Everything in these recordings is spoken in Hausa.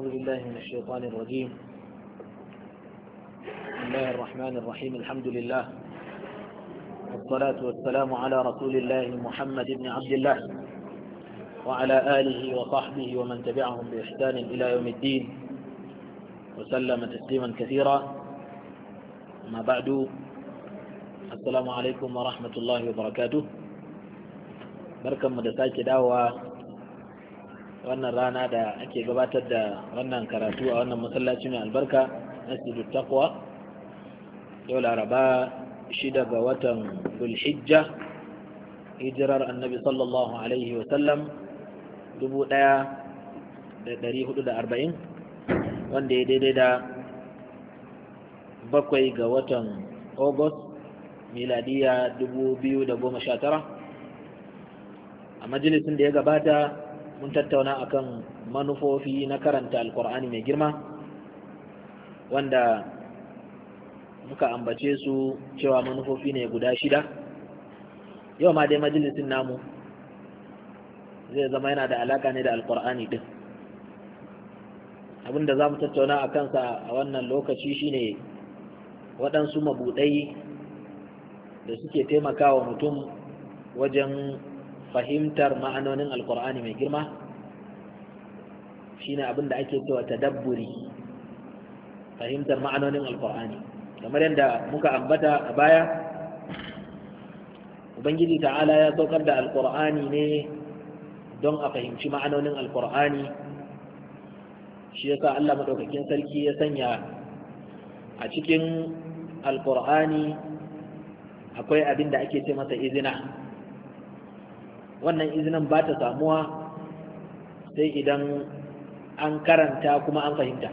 أعوذ بالله من الشيطان الرجيم بسم الله الرحمن الرحيم الحمد لله والصلاة والسلام على رسول الله محمد بن عبد الله وعلى آله وصحبه ومن تبعهم بإحسان إلى يوم الدين وسلم تسليما كثيرا أما بعد السلام عليكم ورحمة الله وبركاته بركة مدساك دعوة wannan rana da ake gabatar da wannan karatu a wannan masallaci mai albarka masjidul taqwa yau laraba shi daga watan Bulhijja, hijirar annabi sallallahu alaihi wasallam 1440 wanda ya daidai da bakwai ga watan august miladiya 2019 a majalisin da ya gabata mun tattauna akan manufofi na karanta alkur'ani mai girma wanda muka ambace su cewa manufofi ne guda shida yau ma dai majalisin namu zai zama yana da alaka ne da alkur'ani din abinda za mu tattauna a kansa a wannan lokaci shine waɗansu mabuɗai da suke taimakawa mutum wajen fahimtar ma'anonin alkur'ani mai girma shine abin da ake cewa tadabburi fahimtar ma'anonin alkur'ani kamar yadda muka ambata a baya ubangiji ta'ala ya saukar da alkur'ani ne don a fahimci ma'anonin alkur'ani shi yasa Allah madaukakin sarki ya sanya a cikin alkur'ani akwai abin da ake ce masa izina wannan izinin ba ta samuwa sai idan an karanta kuma an fahimta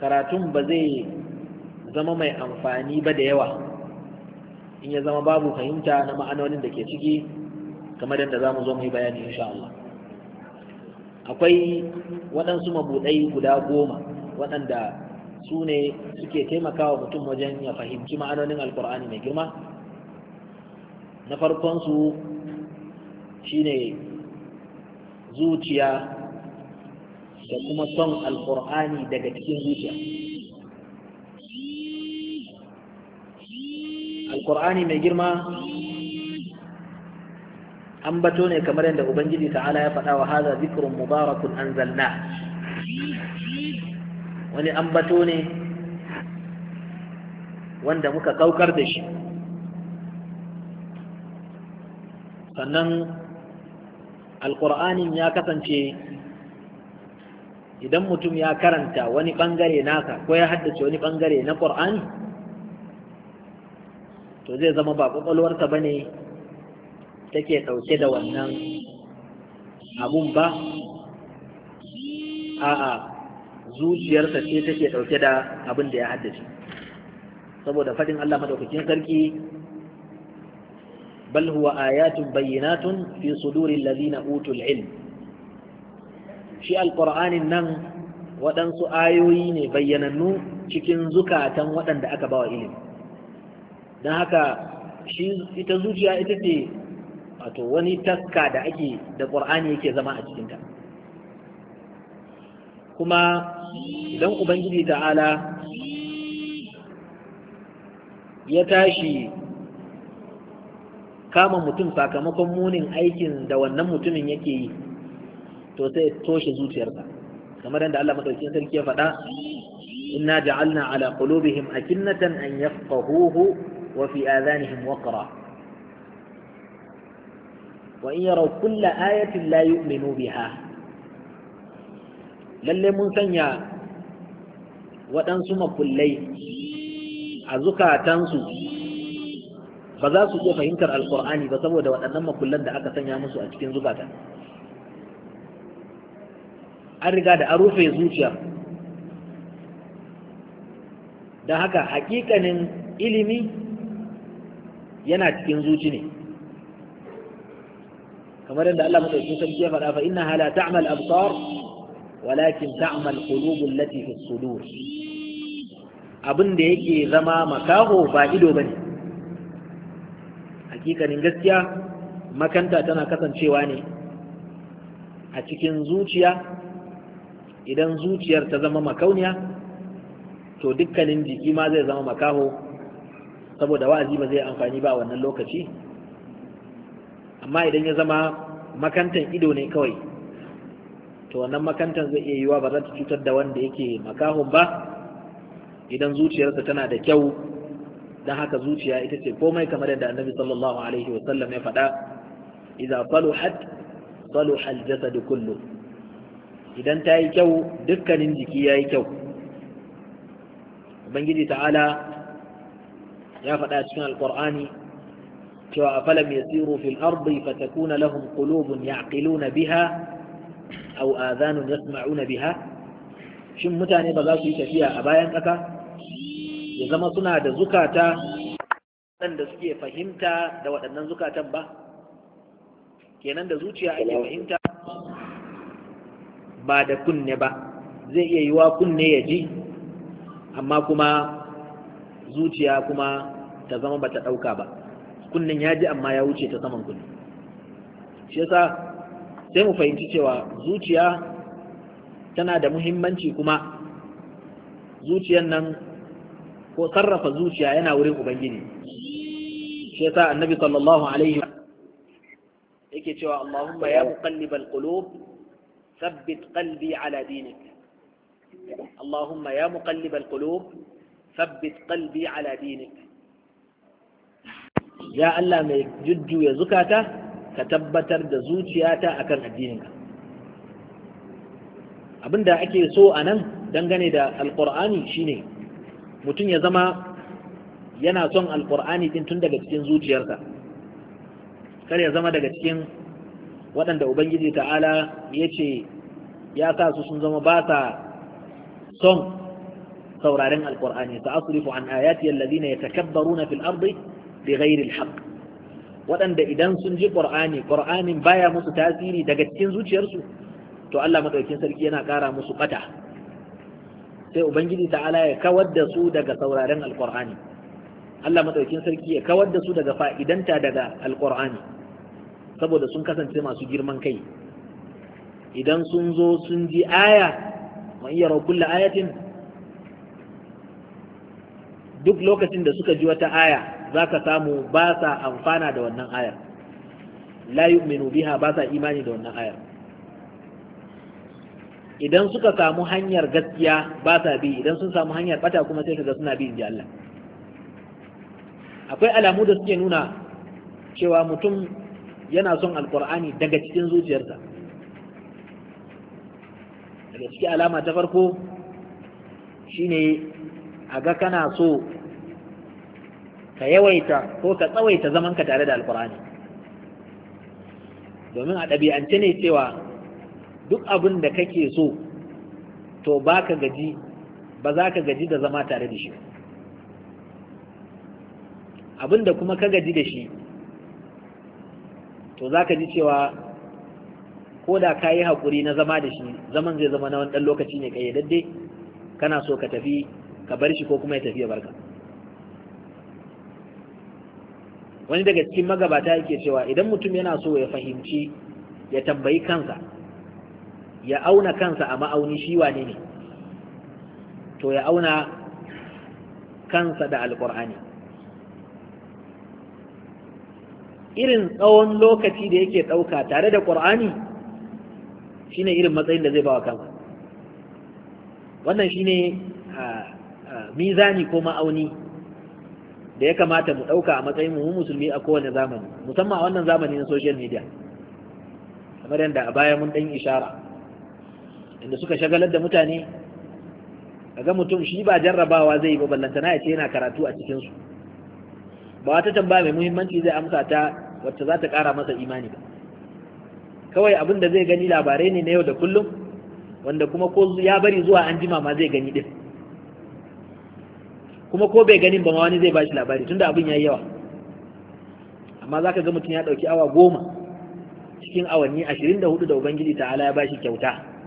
karatun ba zai zama mai amfani ba da yawa in ya zama babu fahimta na ma'anonin da ke ciki kamar da za mu zo mu yi bayani insha Allah akwai waɗansu mabuɗai guda goma waɗanda su ne suke taimakawa mutum wajen ya fahimci ma'anonin alkur'ani mai girma na farkonsu shine zuciya da kuma son alkur'ani daga cikin zuciya alkur'ani mai girma an bato ne kamar yadda ubangiji ta'ala ya faɗa wa haza zikirin mubarakun an zalna wani an bato ne wanda muka kaukar da shi sannan alƙur'anin ya kasance idan mutum ya karanta wani ɓangare naka ko ya haddace wani ɓangare na ƙur'ani to zai zama ba ƙwaƙwalwarsa ba ne take ɗauke da wannan abun ba a'a zuciyarsa ce take ɗauke da abin da ya haddace saboda faɗin Allah maɗaukakin sarki bal huwa ayatun bayyinatun fi sudurin ladina utul ilm shi alƙur'anin nan waɗansu ayoyi ne bayyanannu cikin zukatan waɗanda aka bawa ilimi don haka shi ita zuciya ita ce wato wani taska da ake da ƙur'ani yake zama a cikinta kuma idan ubangiji ta'ala ya tashi kama mutum sakamakon munin aikin da wannan mutumin yake yi to sai toshe zuciyarsa kamar yadda Allah madaukakin sarki ya faɗa inna ja'alna ala qulubihim akinnatan an yafqahuhu wa fi adhanihim waqra wa in yaraw kulla ayatin la yu'minu biha lalle mun sanya waɗansu makullai a zukatansu ba za su iya fahimtar alkur'ani ba saboda waɗannan makullan da aka sanya musu a cikin zubata. an riga da an rufe zuciya don haka hakikanin ilimi yana cikin zuci ne kamar yadda Allah madaukakin sarki ya faɗa fa innaha la ta'mal absar walakin ta'mal qulubul lati fi sudur abin da yake zama makaho ba ido bane hakikanin gaskiya makanta tana kasancewa ne a cikin zuciya idan zuciyar ta zama makauniya to dukkanin jiki ma zai zama makaho saboda wa'azi ba zai amfani ba wannan lokaci amma idan ya zama makantan ido ne kawai to wannan makantan zai iya yiwa ba za ta cutar da wanda yake makahon ba idan zuciyarsa tana da kyau dan haka zuciya ita ce komai kamar yadda annabi sallallahu alaihi wa sallam ya faɗa idza saluhat saluha jasad kullu idan ta yi kyau dukkanin jiki ya yi kyau ubangiji ta'ala ya faɗa cikin alƙur'ani cewa afalam yasiru fil ardi fatakuna lahum qulubun ya'qiluna biha aw adhanun yasma'una biha shin mutane ba za su yi tafiya a bayan ƙasa ya zama suna da zukata waɗanda suke fahimta da waɗannan zukatan ba kenan da zuciya ake fahimta ba da kunne ba zai iya yiwa kunne ya ji amma kuma zuciya kuma ta zama ba ta ɗauka ba kunnen ya ji amma ya wuce ta saman kunne shi yasa sai mu fahimci cewa zuciya tana da muhimmanci kuma zuciyan nan ko sarrafa zuciya yana wurin ubangiji shi yasa annabi sallallahu alaihi yake cewa Allahumma ya muqallibal qulub thabbit qalbi ala dinik Allahumma ya muqallibal qulub thabbit qalbi ala dinik ya Allah mai jujjuya zukata ka tabbatar da zuciyata akan addininka abinda ake so a nan dangane da alqur'ani shine mutum ya zama yana son alkur'ani din tun daga cikin zuciyarsa kar ya zama daga cikin waɗanda ubangiji ta'ala ya ce ya sa su sun zama ba sa son sauraren alkur'ani ta asrifu an ayati yallazina yatakabbaruna fil ardi bighairi alhaq waɗanda idan sun ji qur'ani qur'anin baya musu tasiri daga cikin zuciyarsu to Allah madaukakin sarki yana ƙara musu bata sai ubangiji ta'ala ya kawar da su daga sauraren alqur'ani Allah madaukin sarki ya kawar da su daga fa'idanta daga alkur'ani saboda sun kasance masu girman kai idan sun zo sun ji aya man iya kulla ayatin duk lokacin da suka ji wata aya za ka samu ba sa amfana da wannan ayar la yu'minu biha ba sa imani da wannan ayar idan suka samu hanyar gaskiya ba sa bi idan sun samu hanyar bata kuma sai kaga suna bi ji Allah akwai alamu da suke nuna cewa mutum yana son alkur'ani daga cikin zuciyarsa daga ciki alama ta farko shine a ga kana so ka yawaita ko ka tsawaita zamanka tare da alkur'ani domin a ɗabi'ance ne cewa duk abin da kake so to ba ka gaji ba za ka gaji da zama tare da shi abin da kuma ka gaji da shi to za ka ji cewa ko da ka yi haƙuri na zama da shi zaman zai zama na wani ɗan lokaci ne ƙayyadadde kana so ka tafi ka bar shi ko kuma ya tafi ya barka wani daga cikin magabata yake cewa idan mutum yana so ya fahimci ya tambayi kansa ya auna kansa a ma'auni shi wane ne to ya auna kansa da alƙur'ani irin tsawon lokaci da yake ɗauka tare da ƙur'ani shine irin matsayin da zai bawa wa kansa wannan shine mizani ko ma'auni da ya kamata mu ɗauka a matsayin mu musulmi a kowane zamani musamman a wannan zamani na social media kamar yadda a baya mun ɗan ishara inda suka shagalar da mutane kaga mutum shi ba jarrabawa zai yi ba ballantana ya ce yana karatu a cikinsu ba wata tambaya mai muhimmanci zai amsa ta wacce za ta ƙara masa imani ba kawai abin da zai gani labarai ne na yau da kullum wanda kuma ko ya bari zuwa an jima ma zai gani din kuma ko bai ganin ba ma wani zai bashi labari tunda abin ya yi yawa amma za ka ga mutum ya ɗauki awa goma cikin awanni ashirin da hudu da ubangiji ta'ala ya bashi kyauta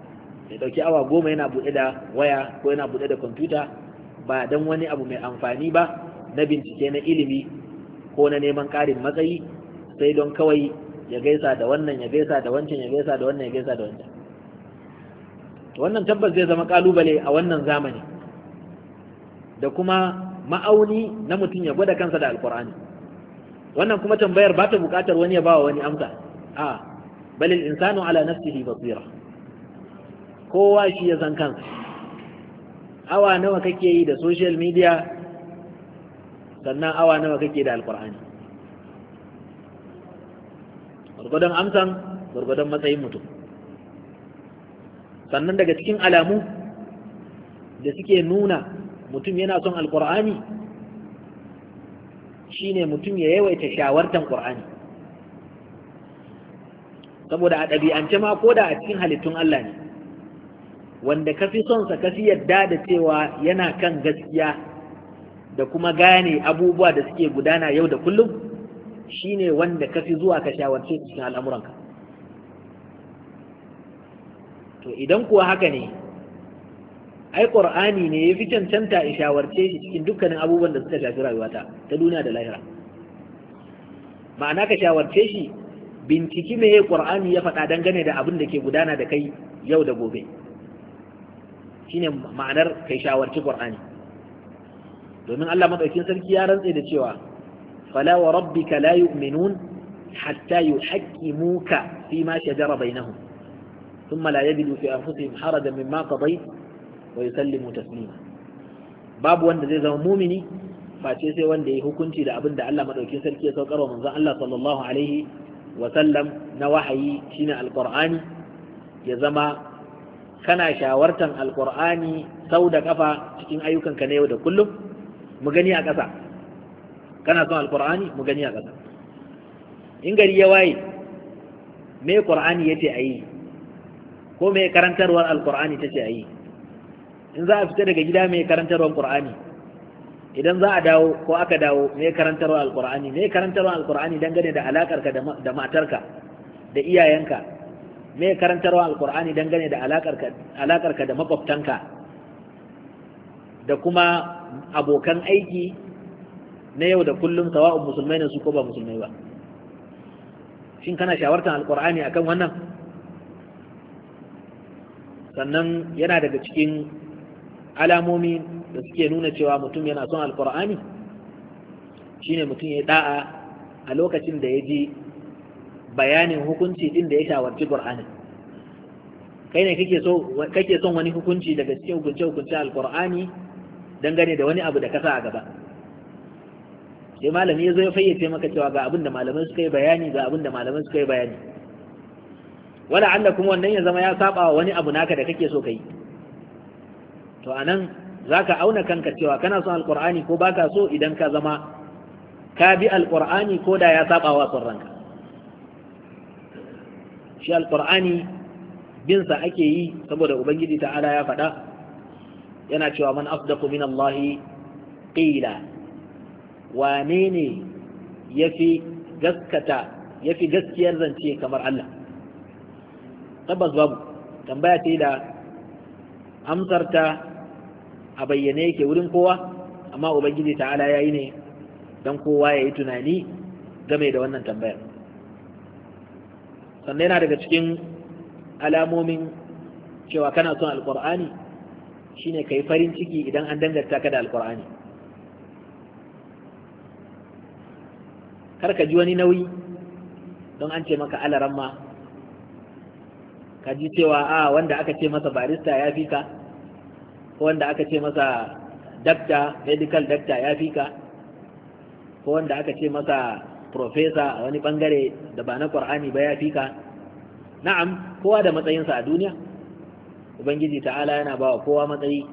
ya dauki awa goma yana buɗe da waya ko yana buɗe da kwamfuta ba don wani abu mai amfani ba na bincike na ilimi ko na neman ƙarin matsayi sai don kawai ya gaisa da wannan ya gaisa da wancan ya gaisa da wannan ya gaisa da wancan wannan tabbas zai zama kalubale a wannan zamani da kuma ma'auni na mutum ya gwada kansa da alkur'ani wannan kuma tambayar ba ta bukatar wani ya ba wa wani amsa a balil insanu ala nafsihi basira kowa shi ya san kansa awa nawa kake yi da social media sannan awa nawa kake da alkur'ani gwargwadon amsan gwargwadon matsayin mutum sannan daga cikin alamu da suke nuna mutum yana son alkur'ani shine mutum ya yawaita shawartan ƙur'ani saboda a ɗabi'ance ma ko da a cikin halittun Allah ne wanda ka fi son sa ka fi yadda da cewa yana kan gaskiya da kuma gane abubuwa da suke gudana yau da kullum shine wanda ka fi zuwa ka shawarce cikin al'amuranka to idan kuwa haka ne ai qur'ani ne ya fi cancanta in shawarce shi cikin dukkanin abubuwan da suka shafi rayuwata ta duniya da lahira ma'ana ka shawarce shi binciki me qur'ani ya faɗa dangane da abin da ke gudana da kai yau da gobe shine ma'anar kai shawarci qur'ani domin Allah madaukakin sarki ya rantse da cewa fala wa rabbika la yu'minun hatta yuhaqqimuka fi ma shajara bainahum thumma la yajidu fi anfusihim harajan mimma qadayt wa yusallimu taslima babu wanda zai zama mumini face sai wanda ya hukunci da abin da Allah madaukakin sarki ya saukar wa manzon Allah sallallahu alaihi wa sallam na wahayi shine alqur'ani ya zama kana shawartan alkur'ani sau da kafa cikin ayyukanka na yau da kullum mu gani a ƙasa kana son alkur'ani mu gani a ƙasa in gari ya waye me qur'ani yace a yi ko me karantarwar alkur'ani ta ce a yi in za a fita daga gida me karantarwar qur'ani idan za a dawo ko aka dawo me karantarwar alkur'ani me karantarwar alkur'ani dangane da alakarka da matarka da iyayenka me karantarwa alkur'ani dangane da alakarka da makwabtanka da kuma abokan aiki na yau da kullum sawa'un musulmai ne su ko ba musulmai ba shin kana shawartar alkur'ani akan wannan sannan yana daga cikin alamomi da suke nuna cewa mutum yana son alkur'ani shine mutum ya da'a a lokacin da ya ji bayanin hukunci din da ya shawarci Qur'ani kai ne kake so kake son wani hukunci daga cikin hukunce hukunce alqur'ani dangane da wani abu da ka sa a gaba sai malami ya zo ya fayyace maka cewa ga abin da malamai suka yi bayani ga abin da malamai suka yi bayani wala Allah kuma wannan ya zama ya saba wa wani abu naka da kake so kai to anan zaka auna kanka cewa kana son alqur'ani ko baka so idan ka zama ka bi alqur'ani ko da ya saba wa son ranka shi Alƙur'ani, binsa ake yi saboda ubangiji ta'ala ya faɗa yana cewa man asdaqu min Allah Wanene wane ne yafi gaskata gaskiyar zance kamar Allah tabbas babu tambaya ce da amsarta a bayyane yake wurin kowa amma ubangiji ta'ala ya yi ne don kowa ya yi tunani game da wannan tambayar sannan yana daga cikin alamomin cewa kana son alkur'ani shine yi farin ciki idan an danganta ka da alkur'ani kar ka ji wani nauyi don an ce maka alaran ma ka ji cewa a wanda aka ce masa barista ya fi ka ko wanda aka ce masa dakta medical dakta ya fi ka ko wanda aka ce masa profesa a wani bangare da ba na ƙwar'ani ba ya fika na'am kowa da matsayinsa a duniya ubangiji ta'ala yana ba wa kowa matsayi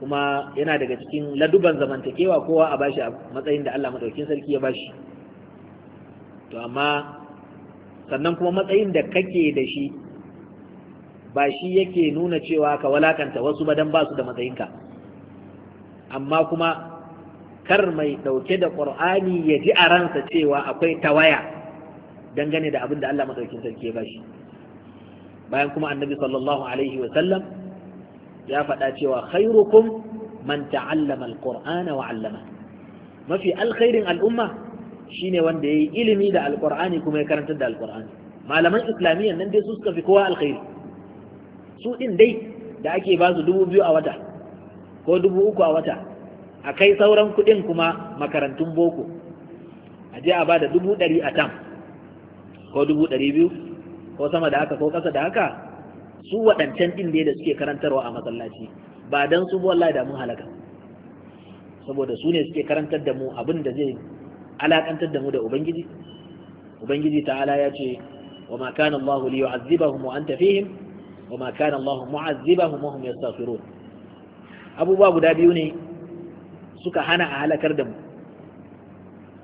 kuma yana daga cikin laduban zamantakewa kowa a bashi a matsayin da Allah maɗaukin sarki ya bashi to amma sannan kuma matsayin da kake da shi ba shi yake nuna cewa ka walakanta wasu ba don ba su da matsayinka amma kuma kar mai ɗauke da ƙur'ani ya ji a ransa cewa akwai tawaya dangane da abin da Allah maɗaukin sarki ya bashi bayan kuma annabi sallallahu alaihi wasallam ya faɗa cewa khairukum man ta'allama alqur'ana wa 'allama mafi alkhairin al'umma shine wanda yayi ilimi da alqur'ani kuma ya karanta da alqur'ani malaman islamiyya nan dai su suka fi kowa alkhairi su din dai da ake ba su dubu biyu a wata ko dubu uku a wata a kai sauran kuɗin kuma makarantun boko a je a ba da dubu ɗari a tam ko dubu ɗari biyu ko sama da haka ko ƙasa da haka su waɗancan ɗin da suke karantarwa a masallaci ba don su wallahi da mun halaka saboda su ne suke karantar da mu abin da zai alakantar da mu da ubangiji ubangiji ta'ala ya ce wa ma kana Allah li yu'azzibahum wa anta fihim wa ma kana Allah mu'azzibahum wa hum yastaghfirun abubuwa guda biyu ne suka hana a halakar da mu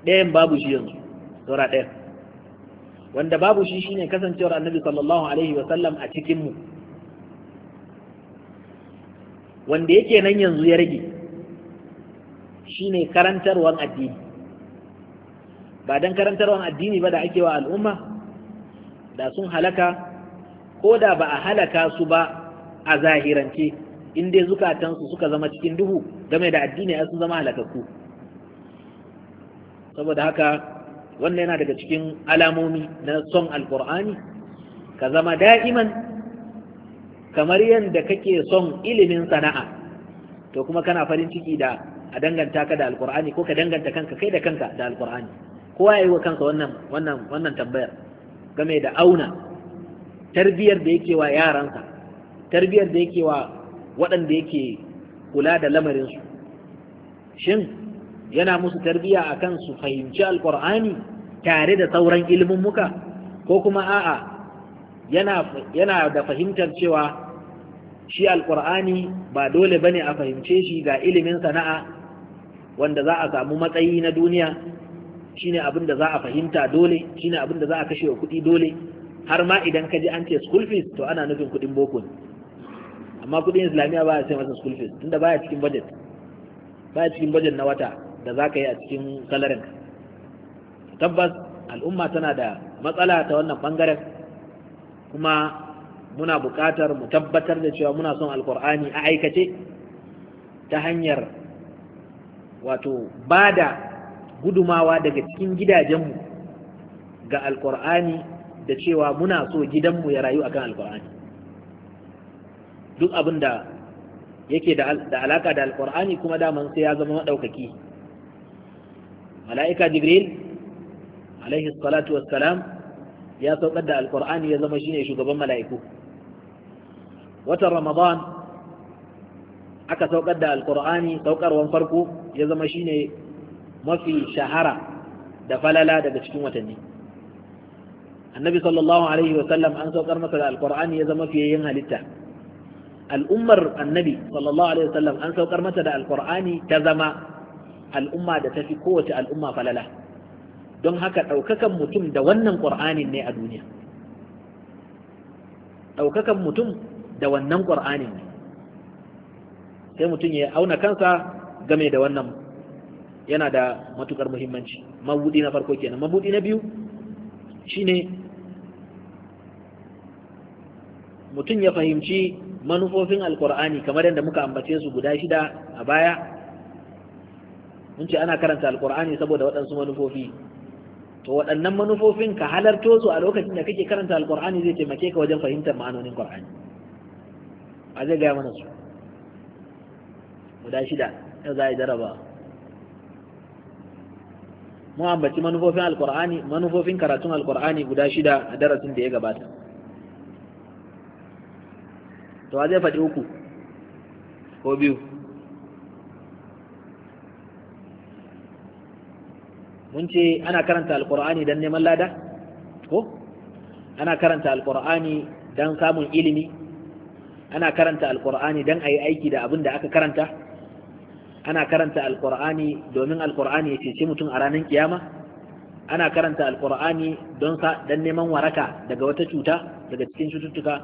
ɗayan babu shi yanzu saura ɗaya wanda babu shi shine kasancewar annabi sallallahu alaihi wasallam a cikin mu wanda yake nan yanzu ya rage shine karantarwan addini ba don karantarwan addini ba da ake wa al'umma da sun halaka ko da ba a halaka su ba a zahirance in dai zukatansu suka zama cikin duhu game da addini ai sun zama halakakku saboda haka wannan yana daga cikin alamomi na son alkur'ani ka zama da'iman kamar yadda kake son ilimin sana'a to kuma kana farin ciki da a danganta ka da alkur'ani ko ka danganta kanka kai da kanka da alkur'ani kowa ya yi wa kansa wannan wannan tambayar game da auna tarbiyar da yake wa yaransa tarbiyar da yake wa waɗanda yake kula da lamarinsu shin yana musu tarbiya akan su fahimci alkur'ani tare da sauran ilmummuka ko kuma a'a yana da fahimtar cewa shi alkur'ani ba dole bane a fahimce shi ga ilimin sana'a wanda za a samu matsayi na duniya shine abin da za a fahimta dole shine abin da za a kashe kuɗi dole har ma idan ka ji an ce school fees to ana nufin kuɗin boko ne amma kudin islamiyya ba a sai masa school fees tunda baya cikin budget baya cikin budget na wata da za ka yi a cikin salarin tabbas al'umma tana da matsala ta wannan bangaren kuma muna buƙatar mu tabbatar da cewa muna son alkur'ani a aikace ta hanyar wato ba da gudumawa daga cikin gidajenmu ga alkur'ani da cewa muna so gidanmu ya rayu akan alkur'ani duk abin da yake da alaka da alkur'ani kuma daman sai ya zama maɗaukaki mala'ika jibril alaihi salatu wassalam ya saukar da alkur'ani ya zama shine shugaban mala'iku watan ramadan aka saukar da alkur'ani saukarwan farko ya zama shine mafi shahara da falala daga cikin watanni annabi sallallahu alaihi wasallam an saukar masa da alkur'ani ya zama fiye yin halitta al'ummar annabi sallallahu alaihi wasallam an saukar mata da alkur'ani ta zama al'umma da tafi kowace al'umma falala don haka ɗaukakan mutum da wannan ƙur'anin ne a duniya ɗaukakan mutum da wannan ƙur'anin ne sai mutum ya auna kansa game da wannan yana da matukar muhimmanci mabudi na farko kenan mabudi na biyu shine mutum ya fahimci manufofin alkur'ani kamar yadda muka ambace su guda shida a baya mun ce ana karanta alkur'ani saboda waɗansu manufofi to waɗannan manufofin ka halarto su a lokacin da kake karanta alkur'ani zai taimake ka wajen fahimtar ma'anonin qur'ani a zai gaya mana su guda shida ya za a yi jaraba mu ambaci manufofin alkur'ani manufofin karatun alkur'ani guda shida a darasin da ya gabata to zai faɗi uku ko biyu mun ce ana karanta alkur'ani don neman lada ko ana karanta alkur'ani don samun ilimi ana karanta alkur'ani don a yi aiki da abin da aka karanta ana karanta alkur'ani domin alkur'ani ya cece mutum a ranar kiyama ana karanta alkur'ani don neman waraka daga wata cuta daga cikin cututtuka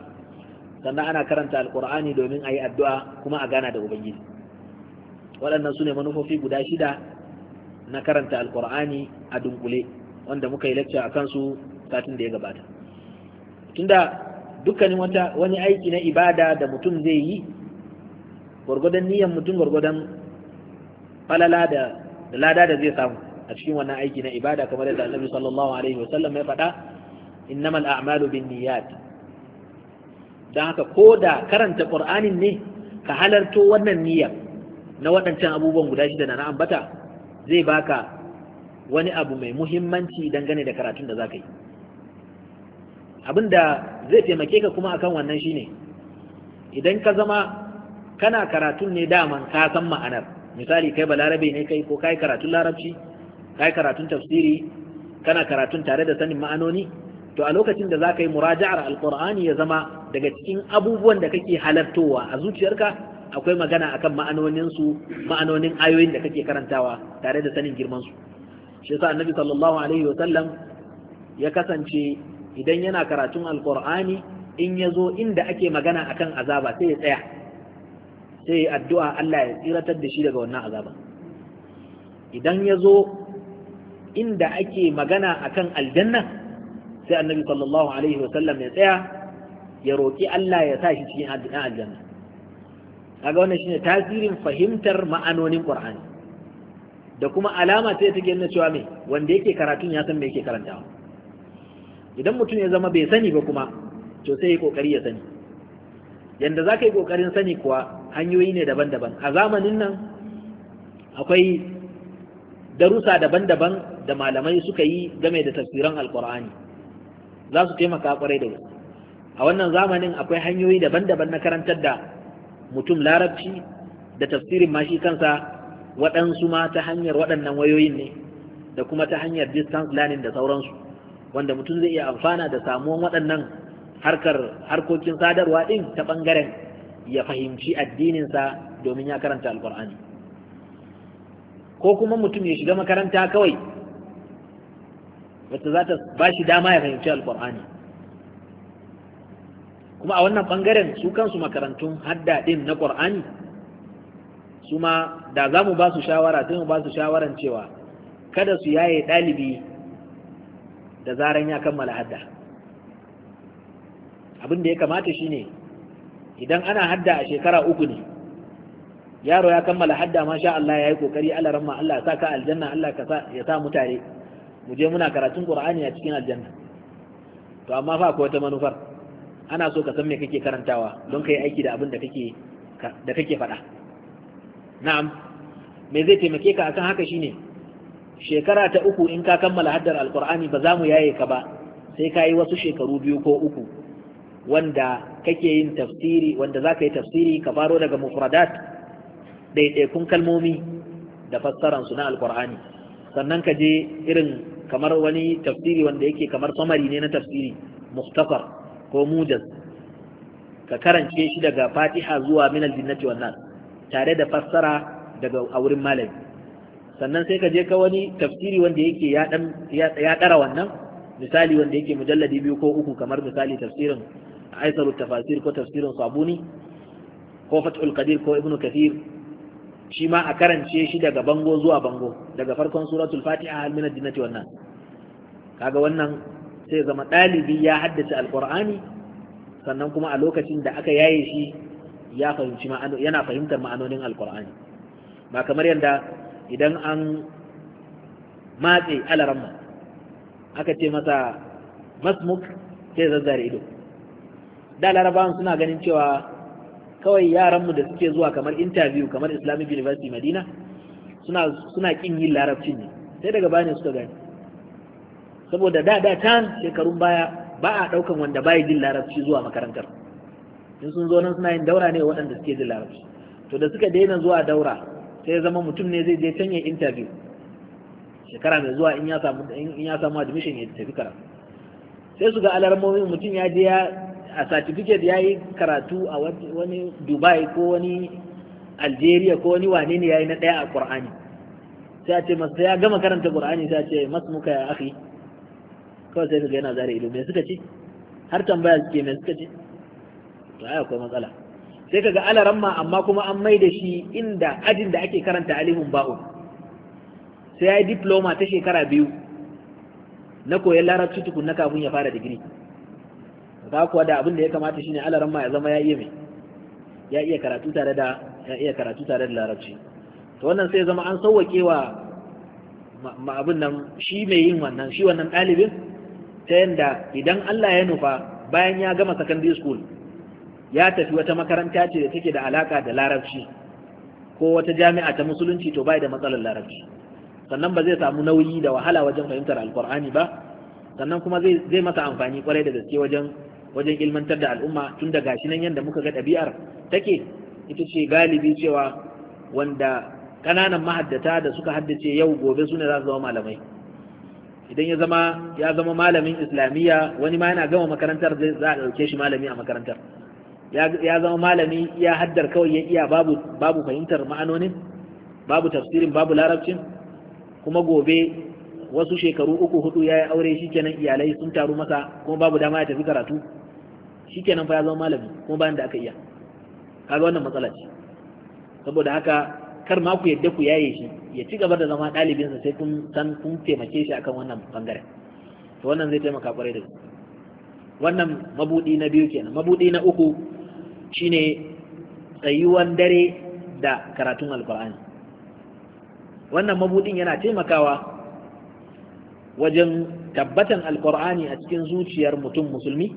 sannan ana karanta alkur'ani domin a yi addu'a kuma a gana da ubangiji waɗannan su ne manufofi guda shida na karanta alkur'ani a dunkule wanda muka yi lecture a kansu satin da ya gabata tunda dukkanin wata wani aiki na ibada da mutum zai yi gwargwadon niyan mutum gwargwadon falala da lada da zai samu a cikin wannan aiki na ibada kamar yadda annabi sallallahu alaihi sallam ya faɗa innamal a'malu bin niyyat don haka ko da karanta ƙur'anin ne ka halarto wannan niyya na waɗancan abubuwan guda shida na ambata zai baka wani abu mai muhimmanci dangane da karatun da za ka yi abin da zai taimake ka kuma akan wannan shine idan ka zama kana karatun ne daman ka san ma'anar misali kai balarabe ne kai ko kai karatun larabci kai karatun tafsiri kana karatun tare da sanin ma'anoni to a lokacin da za ka yi muraja'ar Alkur'ani ya zama daga cikin abubuwan da kake halartowa a zuciyarka akwai magana akan kan ma'anoninsu ma'anonin ayoyin da kake karantawa tare da sanin girman su shi yasa annabi sallallahu alaihi wa sallam ya kasance idan yana karatun alkur'ani in ya zo inda ake magana akan azaba sai ya tsaya sai ya addu'a Allah ya tsiratar da shi daga wannan azaba idan ya zo inda ake magana akan aljanna sai annabi sallallahu alaihi wa sallam ya tsaya ya roki Allah ya sa shi cikin aljanna kaga wannan shine tasirin fahimtar ma'anonin Qur'ani da kuma alama sai take nuna cewa me wanda yake karatun ya san me yake karantawa idan mutum ya zama bai sani ba kuma to sai ya kokari ya sani yanda zaka yi kokarin sani kuwa hanyoyi ne daban-daban a zamanin nan akwai darussa daban-daban da malamai suka yi game da tafsiran alkur'ani za su taimaka kwarai da gaske a wannan zamanin akwai hanyoyi daban-daban na karantar da mutum larabci da tafsirin mashi kansa waɗansu ma ta hanyar waɗannan wayoyin ne da kuma ta hanyar distance learning da sauransu wanda mutum zai iya amfana da samuwan waɗannan harkar harkokin sadarwa ɗin ta ɓangaren ya fahimci addininsa domin ya karanta alƙur'ani ko kuma mutum ya shiga makaranta kawai wata za ta ba shi dama ya fahimci alkur'ani kuma a wannan bangaren su kansu makarantun hadda din na qur'ani su ma da za mu ba su shawara sai mu ba su shawaran cewa kada su yaye ɗalibi da zaran ya kammala hadda abin da ya kamata shine idan ana hadda a shekara uku ne yaro ya kammala hadda masha Allah ya yi kokari Allah ramma Allah ya sa ka aljanna Allah ya sa mutare mu je muna karatun qur'ani a cikin aljanna to amma fa akwai wata manufar ana so ka san me kake karantawa don kai aiki da abin da kake da kake faɗa na'am me zai taimake ka akan haka shine shekara ta uku in ka kammala haddar alqur'ani ba za mu yaye ka ba sai ka yi wasu shekaru biyu ko uku wanda kake yin tafsiri wanda za ka yi tafsiri ka faro daga mufradat ɗaiɗaikun kalmomi da fassaransu na alkur'ani sannan ka je irin kamar wani tafsiri wanda yake kamar samari ne na tafsiri muhtafar ko mujaz ka karance shi daga fatiha zuwa min jinnati wan nas tare da fassara daga a wurin malami sannan sai ka je ka wani tafsiri wanda yake ya dan ya dara wannan misali wanda yake mujalladi biyu ko uku kamar misali tafsirin aisaru tafasir ko tafsirin sabuni ko fathul qadir ko ibnu kathir shi ma a karance shi daga bango zuwa bango daga farkon suratul fatiha har min ad wannan kaga wannan sai zama dalibi ya haddace alqur'ani sannan kuma a lokacin da aka yaye shi ya fahimci ma'ano yana fahimtar ma'anonin alqur'ani ba kamar yadda idan an matse alaramma aka ce masa masmuk sai zazzare ido da larabawan suna ganin cewa kawai yaranmu da suke zuwa kamar interview kamar islamic university madina suna suna kin yin larabcin ne sai daga baya suka gani saboda da da tan shekarun baya ba a daukan wanda bai jin larabci zuwa makarantar in sun zo nan suna yin daura ne waɗanda suke jin larabci to da suka daina zuwa daura sai zama mutum ne zai je can ya interview shekara mai zuwa in ya samu in ya samu admission ya tafi karatu sai su ga alarmomin mutum ya je ya a certificate ya yi karatu a wani dubai ko wani algeria ko wani wane ne ya yi na ɗaya a ƙur'ani sai a ce masu ya gama karanta ƙur'ani sai a ce masu muka ya akhi kawai sai suka yana zare ido me suka ce har tambaya suke me suka ce to ai akwai matsala sai kaga alaran ma amma kuma an mai da shi inda ajin da ake karanta alimun ba'u. sai ya yi diploma ta shekara biyu na koyon larabci tukun na kafin ya fara digiri ga kuwa da abin da ya kamata shine alaran ma ya zama ya iya mai ya iya karatu tare da ya iya karatu tare da larabci to wannan sai zama an sauwake wa ma abin nan shi mai yin wannan shi wannan ɗalibin ta yanda idan Allah ya nufa bayan ya gama secondary school ya tafi wata makaranta ce da take da alaka da larabci ko wata jami'a ta musulunci to bai da matsalar larabci sannan ba zai samu nauyi da wahala wajen fahimtar alkur'ani ba sannan kuma zai masa amfani kwarai da gaske wajen wajen ilmantar da al'umma tun da gashi nan yadda muka ga ɗabi'ar take ita ce galibi cewa wanda ƙananan mahaddata da suka haddace yau gobe su ne za su zama malamai idan ya zama ya zama malamin islamiyya wani ma yana gama makarantar zai za a ɗauke shi malami a makarantar ya zama malami ya haddar kawai ya iya babu babu fahimtar ma'anonin babu tafsirin babu larabcin kuma gobe wasu shekaru uku hudu ya yi aure shi kenan iyalai sun taru masa kuma babu dama ya tafi karatu shikenan fa ya zama malami kuma bayan da aka iya kaga wannan matsala ce saboda haka kar ma ku yadda ku yaye shi ya ci gaba da zama sa sai kun san kun taimake shi akan wannan bangaren to wannan zai taimaka kwarai da wannan mabudi na biyu kenan mabudi na uku shine tsayuwan dare da karatun alkur'ani wannan mabudin yana taimakawa wajen tabbatan alkur'ani a cikin zuciyar mutum musulmi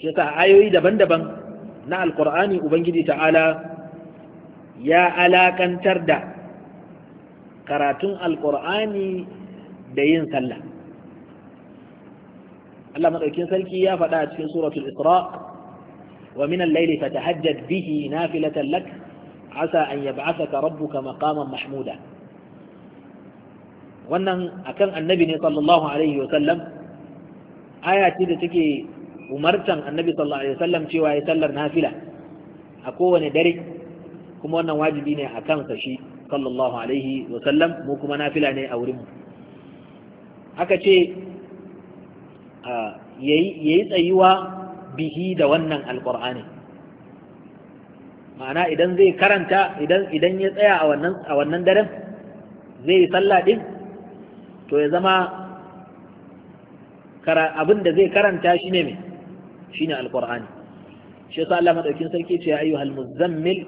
shi yasa ayoyi daban-daban na alkur'ani ubangiji ta'ala ya alakantar da karatun alkur'ani da yin sallah Allah madaukin sarki ya faɗa a cikin suratul isra wa min laili layli fatahajjad bihi nafilatan lak asa an yab'athaka rabbuka maqaman mahmuda wannan akan annabi ne sallallahu alaihi wa sallam aya ce da take umartan annabi sallallahu alaihi wasallam cewa ya sallar nafila a kowane dare kuma wannan wajibi ne a kansa shi sallallahu alaihi wasallam mu kuma nafila ne a wurin mu aka ce ya yi tsayuwa bihi da wannan Alkur'ani ma'ana idan zai karanta idan idan ya tsaya a wannan a wannan daren zai yi sallah din to ya zama abin da zai karanta shi ne mai shine alqur'ani shi yasa Allah madaukin sarki ce ya ayyuhal muzammil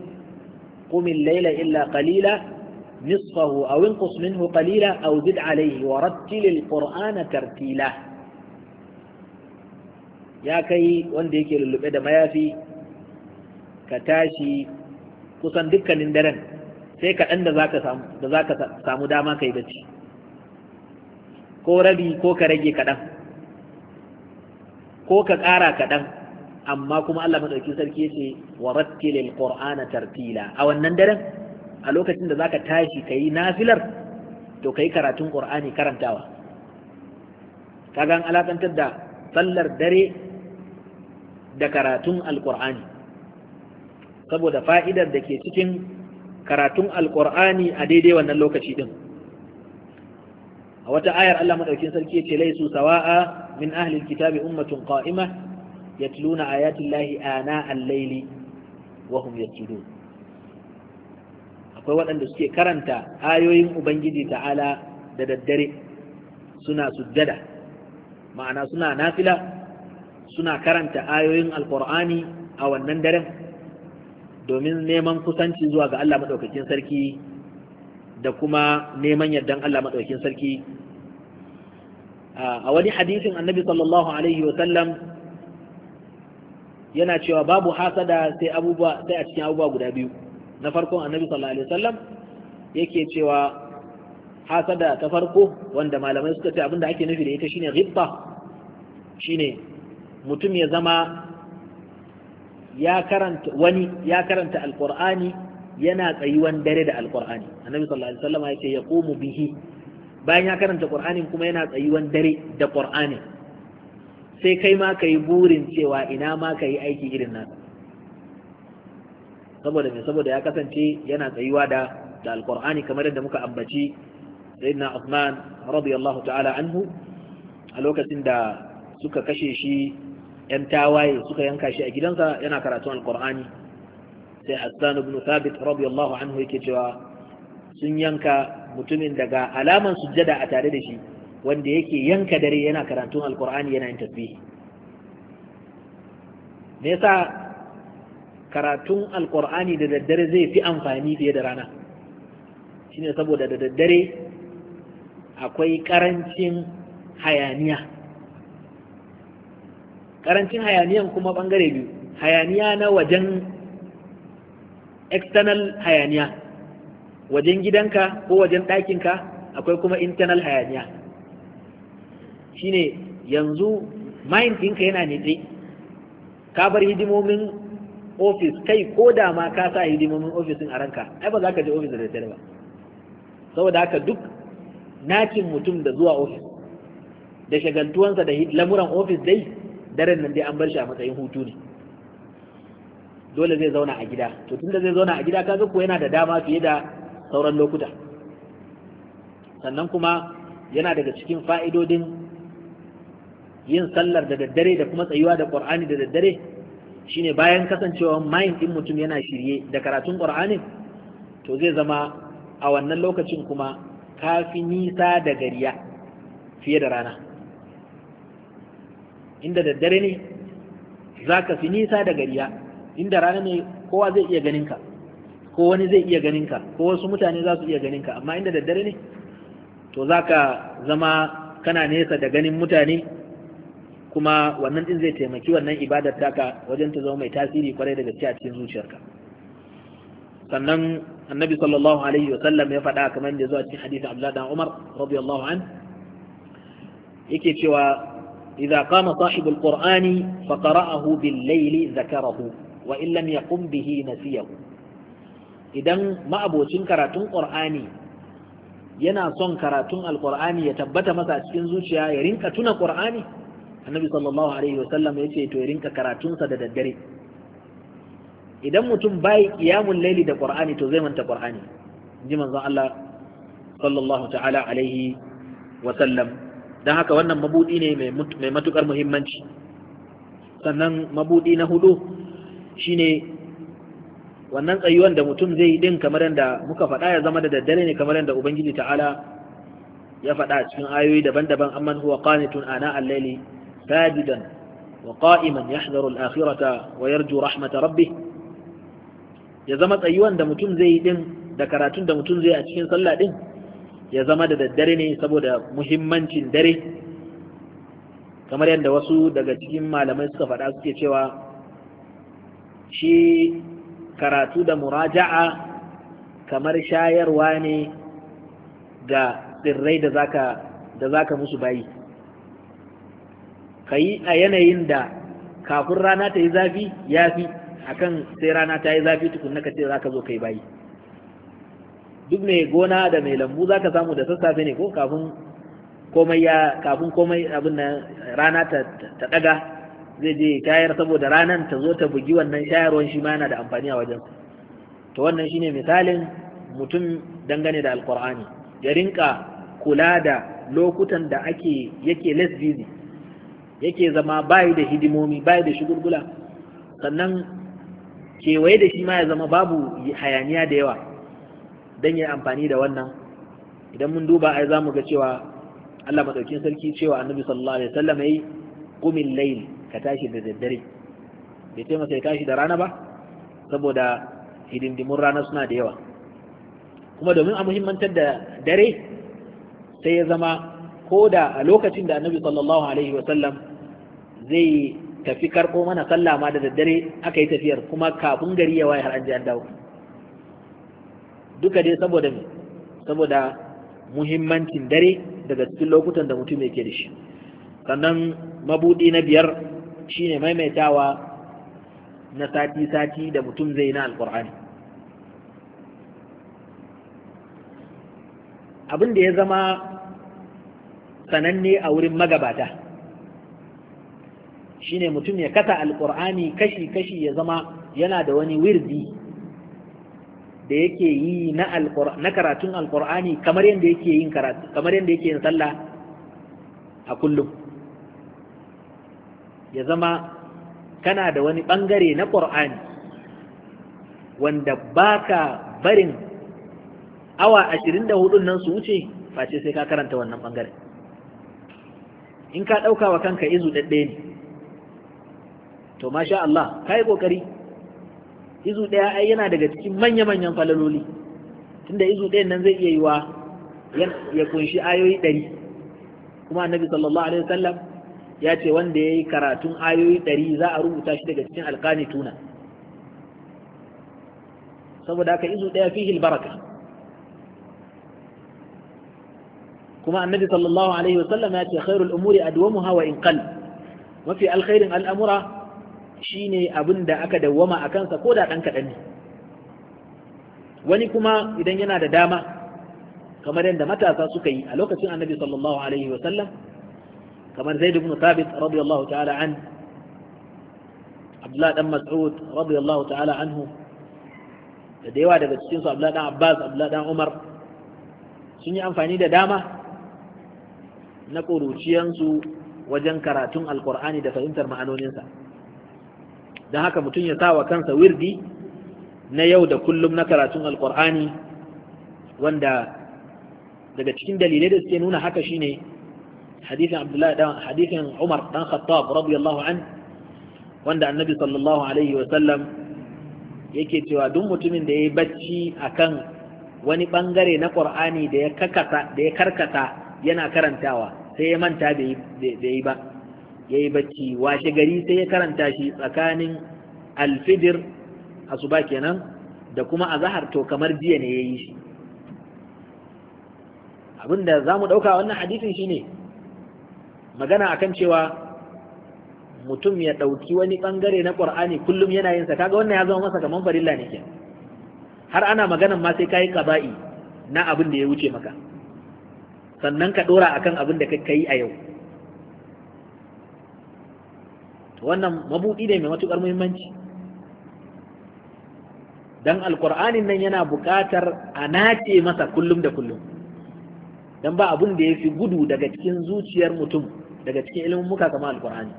qum al-layla illa qalila nisfahu aw inqus minhu qalila aw zid alayhi wa rattil al-qur'ana tartila ya kai wanda yake lullube da mayafi ka tashi kusan dukkanin daren sai kaɗan da za ka samu dama ka bacci ko rabi ko ka rage kaɗan ko ka ƙara kaɗan amma kuma Allah maɗauki sarki yake wa rattilil qur'ana tartila a wannan daren a lokacin da zaka tashi kai nafilar to kai karatun qur'ani karantawa kaga an alakantar da sallar dare da karatun alqur'ani saboda fa'idar da ke cikin karatun alqur'ani a daidai wannan lokaci din a wata ayar Allah madaukin sarki yace laisu sawa'a min ahli alkitabi ummatun qa'ima yatluna ayati llahi ana al-layli wa hum yatlun akwai waɗanda suke karanta ayoyin ubangiji ta'ala da daddare suna sujjada ma'ana suna nafila suna karanta ayoyin alqur'ani a wannan daren domin neman kusanci zuwa ga Allah madaukakin sarki da kuma neman yardan Allah madaukakin sarki a wani hadisin annabi sallallahu alaihi wa sallam yana cewa babu hasada sai abubuwa sai a cikin abubuwa guda biyu na farkon annabi sallallahu alaihi wa sallam yake cewa hasada ta farko wanda malamai suka ce abinda ake nufi da ita shine ghibba shine mutum ya zama ya karanta wani ya karanta alqur'ani yana tsayuwan dare da alkur'ani annabi sallallahu alaihi wasallam ya ce bihi bayan ya karanta qur'ani kuma yana tsayuwan dare da Al-ƙur'ani. sai kai ma ka burin cewa ina ma ka aiki irin nan saboda me saboda ya kasance yana tsayuwa da da alkur'ani kamar yadda muka ambaci sayyidina Uthman radiyallahu ta'ala anhu a lokacin da suka kashe shi ‘yan tawaye suka yanka shi a gidansa yana karatun alkur'ani sai Hassan ibn Thabit radiyallahu anhu yake cewa sun yanka mutumin daga alaman sujjada a tare da shi wanda yake yanka dare yana karatun alkur'ani yana yin tasbih me yasa karatun alkur'ani da daddare zai fi amfani fiye da rana shine saboda da daddare akwai karancin hayaniya karancin hayaniyan kuma bangare biyu hayaniya na wajen external hayaniya wajen gidanka ko wajen ɗakinka akwai kuma internal hayaniya shine yanzu mind ɗinka yana nitse ka bar hidimomin ofis kai ko da ma ka sa hidimomin ofis a ranka ai ba za ka je ofis da daddare ba saboda haka duk nakin mutum da zuwa ofis da shagantuwansa da lamuran ofis dai daren nan dai an bar shi a matsayin hutu ne dole zai zauna a gida to tunda zai zauna a gida kaga ko yana da dama fiye da sauran lokuta sannan kuma yana daga cikin fa'idodin yin sallar da daddare da kuma tsayuwa da ƙur'ani da daddare shine bayan kasancewa mayin ɗin mutum yana shirye da karatun ƙur'anin to zai zama a wannan lokacin kuma kafi nisa da gariya fiye da rana inda daddare ne za ka fi nisa da gariya inda rana ne kowa zai iya ganinka, ko wani zai iya ganinka, ko wasu mutane za su iya ganin ka amma inda daddare ne to za ka zama kana nesa da ganin mutane kuma wannan din zai taimaki wannan ibadar taka wajen ta zama mai tasiri kwarai da gaske a cikin zuciyarka sannan annabi sallallahu alaihi wa sallam ya faɗa kamar da zuwa cikin hadisi Abdullahi dan Umar radiyallahu an yake cewa idza qama sahibul qur'ani fa qara'ahu bil layli zakarahu wa illam yaqum bihi nasiyahu idan ma'abocin karatun qur'ani yana son karatun alqur'ani ya tabbata masa cikin zuciya ya rinka tuna qur'ani annabi sallallahu alaihi wasallam ce to ya rinka karatunsa da daddare idan mutum bai qiyamul laili da qur'ani to zai manta qur'ani ji manzon Allah sallallahu ta'ala alaihi wasallam don haka wannan mabudi ne mai matukar muhimmanci sannan mabudi na hudu shine wannan tsayuwan da mutum zai yi din kamar yadda muka faɗa ya zama da daddare ne kamar yadda ubangiji ta'ala ya faɗa cikin ayoyi daban-daban amman huwa qanitun ana al sajidan wa qa'iman yahdharu al-akhirata wa yarju rahmata rabbih ya zama tsayuwan da mutum zai yi din da karatun da mutum zai a cikin sallah din ya zama da daddare ne saboda muhimmancin dare kamar yadda wasu daga cikin malamai suka faɗa suke cewa shi karatu da muraja'a kamar shayarwa ne ga tsirrai da zaka da musu bayi ka yi a yanayin da kafin rana ta yi zafi ya fi akan sai rana ta yi zafi tukunna ka ce za ka zo kai bayi duk mai gona da mai lambu za ka samu da sassafe ne ko kafin komai ya kafin abin rana ta ɗaga zai je shayar saboda ranar ta zo ta bugi wannan shayarwan shi ma yana da amfani a wajen to wannan shine misalin mutum dangane da alkur'ani ya rinka kula da lokutan da ake yake less busy yake zama bayi da hidimomi bayi da shugulgula sannan kewaye da shi ma ya zama babu hayaniya da yawa don ya amfani da wannan idan mun duba ai za mu ga cewa Allah ɗaukin sarki cewa annabi sallallahu alaihi wasallam yi, qumil layl ka tashi da daddare bai ce masa ya tashi da rana ba saboda hidindimun rana suna da yawa kuma domin a muhimmantar da dare sai ya zama ko da a lokacin da annabi sallallahu alaihi wasallam zai tafi karɓo mana sallah ma da daddare aka yi tafiyar kuma kafin gari ya waye har an ji an dawo duka dai saboda me saboda muhimmancin dare daga cikin lokutan da mutum yake da shi sannan mabudi na biyar Shi ne maimaitawa na sati-sati da mutum zai na alkur'ani abin da ya zama sananne a wurin magabata shi ne mutum ya kasa alkur'ani kashi-kashi ya zama yana da wani wirdi da yake yi na karatun alkur'ani kamar yadda yake yin sallah a kullum ya zama kana da wani bangare na ƙur'ani wanda baka barin awa ashirin da hudun nan su wuce face sai ka karanta wannan bangare in ka ɗauka wa kanka izu ɗaɗɗe ne to masha Allah ka yi ƙoƙari izu ɗaya ai yana daga cikin manya-manyan falaloli tunda izu ɗayan nan zai iya yi wa ya kunshi ayoyi ɗari kuma annabi sallallahu alaihi wasallam ya ce wanda ya yi karatun ayoyi ɗari za a rubuta shi daga cikin alƙani tuna saboda haka izu ɗaya fihil baraka kuma annabi sallallahu alaihi wasallam ya ce khairul umuri adwamuha wa in qal mafi alkhairin al'amura shine abin da aka dawwama a kansa ko da ɗan kaɗan ne wani kuma idan yana da dama kamar yadda matasa suka yi a lokacin annabi sallallahu alaihi wasallam kamar zaid ibn thabit radiyallahu ta'ala an abdullah dan mas'ud radiyallahu ta'ala anhu da da daga cikin su abdullah dan abbas abdullah dan umar sun yi amfani da dama na ƙuruciyansu wajen karatun alkur'ani da fahimtar ma'anoninsa don haka mutum ya sa wa kansa wirdi na yau da kullum na karatun alkur'ani wanda daga cikin dalilai da suke nuna haka shine hadisin abdullahi dan hadisin umar dan khattab radiyallahu an wanda annabi sallallahu alaihi wa sallam yake cewa duk mutumin da ya yi bacci akan wani bangare na qur'ani da ya da ya karkata yana karantawa sai ya manta da yi ba yayi bacci washe gari sai ya karanta shi tsakanin alfidir asuba kenan da kuma a zahar to kamar jiya ne yayi shi abinda za mu ɗauka wannan hadisin shine magana akan cewa mutum ya ɗauki wani ɓangare na ƙur'ani kullum yana yin sa kaga wannan ya zama masa kaman farilla ne ke har ana maganan ma sai kayi qaba'i na abin da ya wuce maka sannan ka dora akan abin da yi a yau wannan mabuɗi ne mai matukar muhimmanci dan alqur'anin nan yana buƙatar a nace masa kullum da kullum dan ba abin da ya fi gudu daga cikin zuciyar mutum daga cikin ilimin muka kama alqur'ani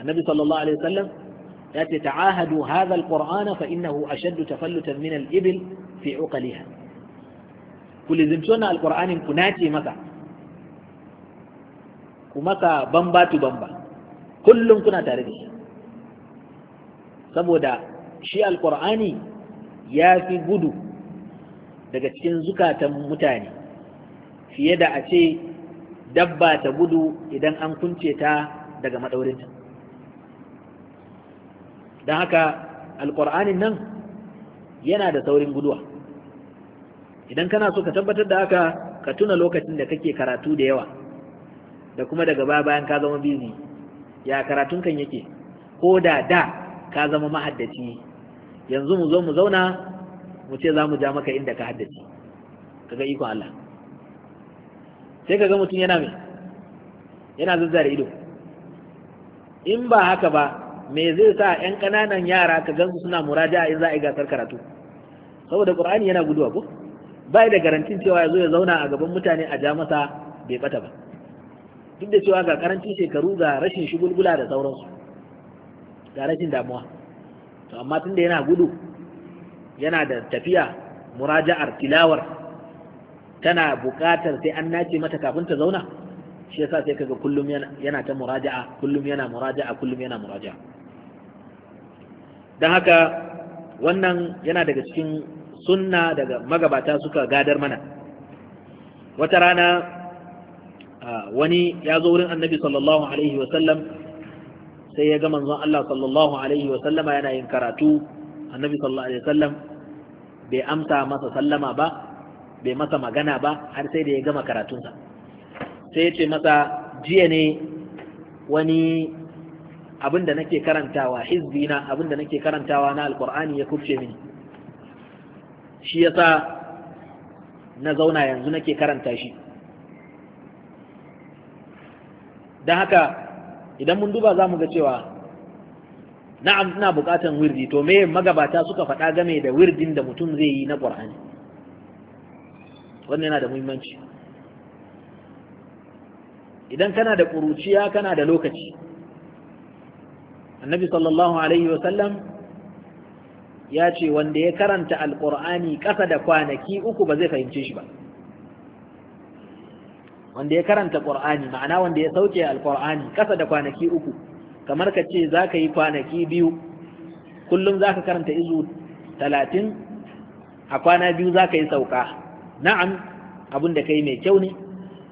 annabi sallallahu alaihi wasallam ya ce ta'ahadu hadha alqur'ana fa innahu ashaddu tafallutan min al-ibil fi uqaliha ku alqur'anin ku maka Kuma ka bamba tu bamba kullum kuna tare da shi saboda shi alqur'ani ya fi gudu daga cikin zukatan mutane fiye da a ce dabba ta gudu idan an kunce ta daga maɗaurinta don haka alƙur'anin nan yana da saurin guduwa idan kana so ka tabbatar da haka ka tuna lokacin da kake karatu da yawa da kuma daga baya bayan ka zama bizi ya karatun kan yake ko da da ka zama mahaddaci yanzu mu zo mu zauna mu ce za mu ja maka inda ka haddaci kaga ikon Allah sai ka ga mutum yana mai yana zazzare ido in ba haka ba me zai sa 'yan ƙananan yara ka gansu suna muraja in za a yi gasar karatu saboda ƙur'ani yana guduwa ko ba da garantin cewa ya zo ya zauna a gaban mutane a ja masa bai bata ba duk da cewa ga karancin shekaru ga rashin shugulgula da sauransu ga rashin damuwa to amma tunda yana gudu yana da tafiya muraja'ar tilawar tana buƙatar sai an nace mata kafin ta zauna shi yasa sai kaga kullum yana ta muraja'a kullum yana muraja'a kullum yana muraja'a dan haka wannan yana daga cikin sunna daga magabata suka gadar mana wata rana wani ya zo wurin annabi sallallahu alaihi wasallam sai ya ga manzon Allah sallallahu alaihi wasallama yana yin karatu annabi sallallahu alaihi wasallam bai amsa masa sallama ba bai masa magana ba har sai da ya gama karatunsa sai ya ce masa jiya ne wani abin da nake karantawa hizbina abin da nake karantawa na alkur'ani ya kubce mini shi yasa na zauna yanzu nake karanta shi don haka idan mun duba za mu ga cewa na'am ina bukatan wirdi to me magabata suka faɗa game da wirdin da mutum zai yi na ƙur'ani wannan yana da muhimmanci idan kana da ƙuruciya kana da lokaci annabi sallallahu alaihi wasallam ya ce wanda ya karanta alƙur'ani ƙasa da kwanaki uku ba zai fahimce shi ba wanda ya karanta ƙur'ani ma'ana wanda ya sauke alƙur'ani ƙasa da kwanaki uku kamar ka ce za ka yi kwanaki biyu kullum za ka karanta izu talatin a kwana biyu za ka yi sauka na'am abin da kai mai kyau ne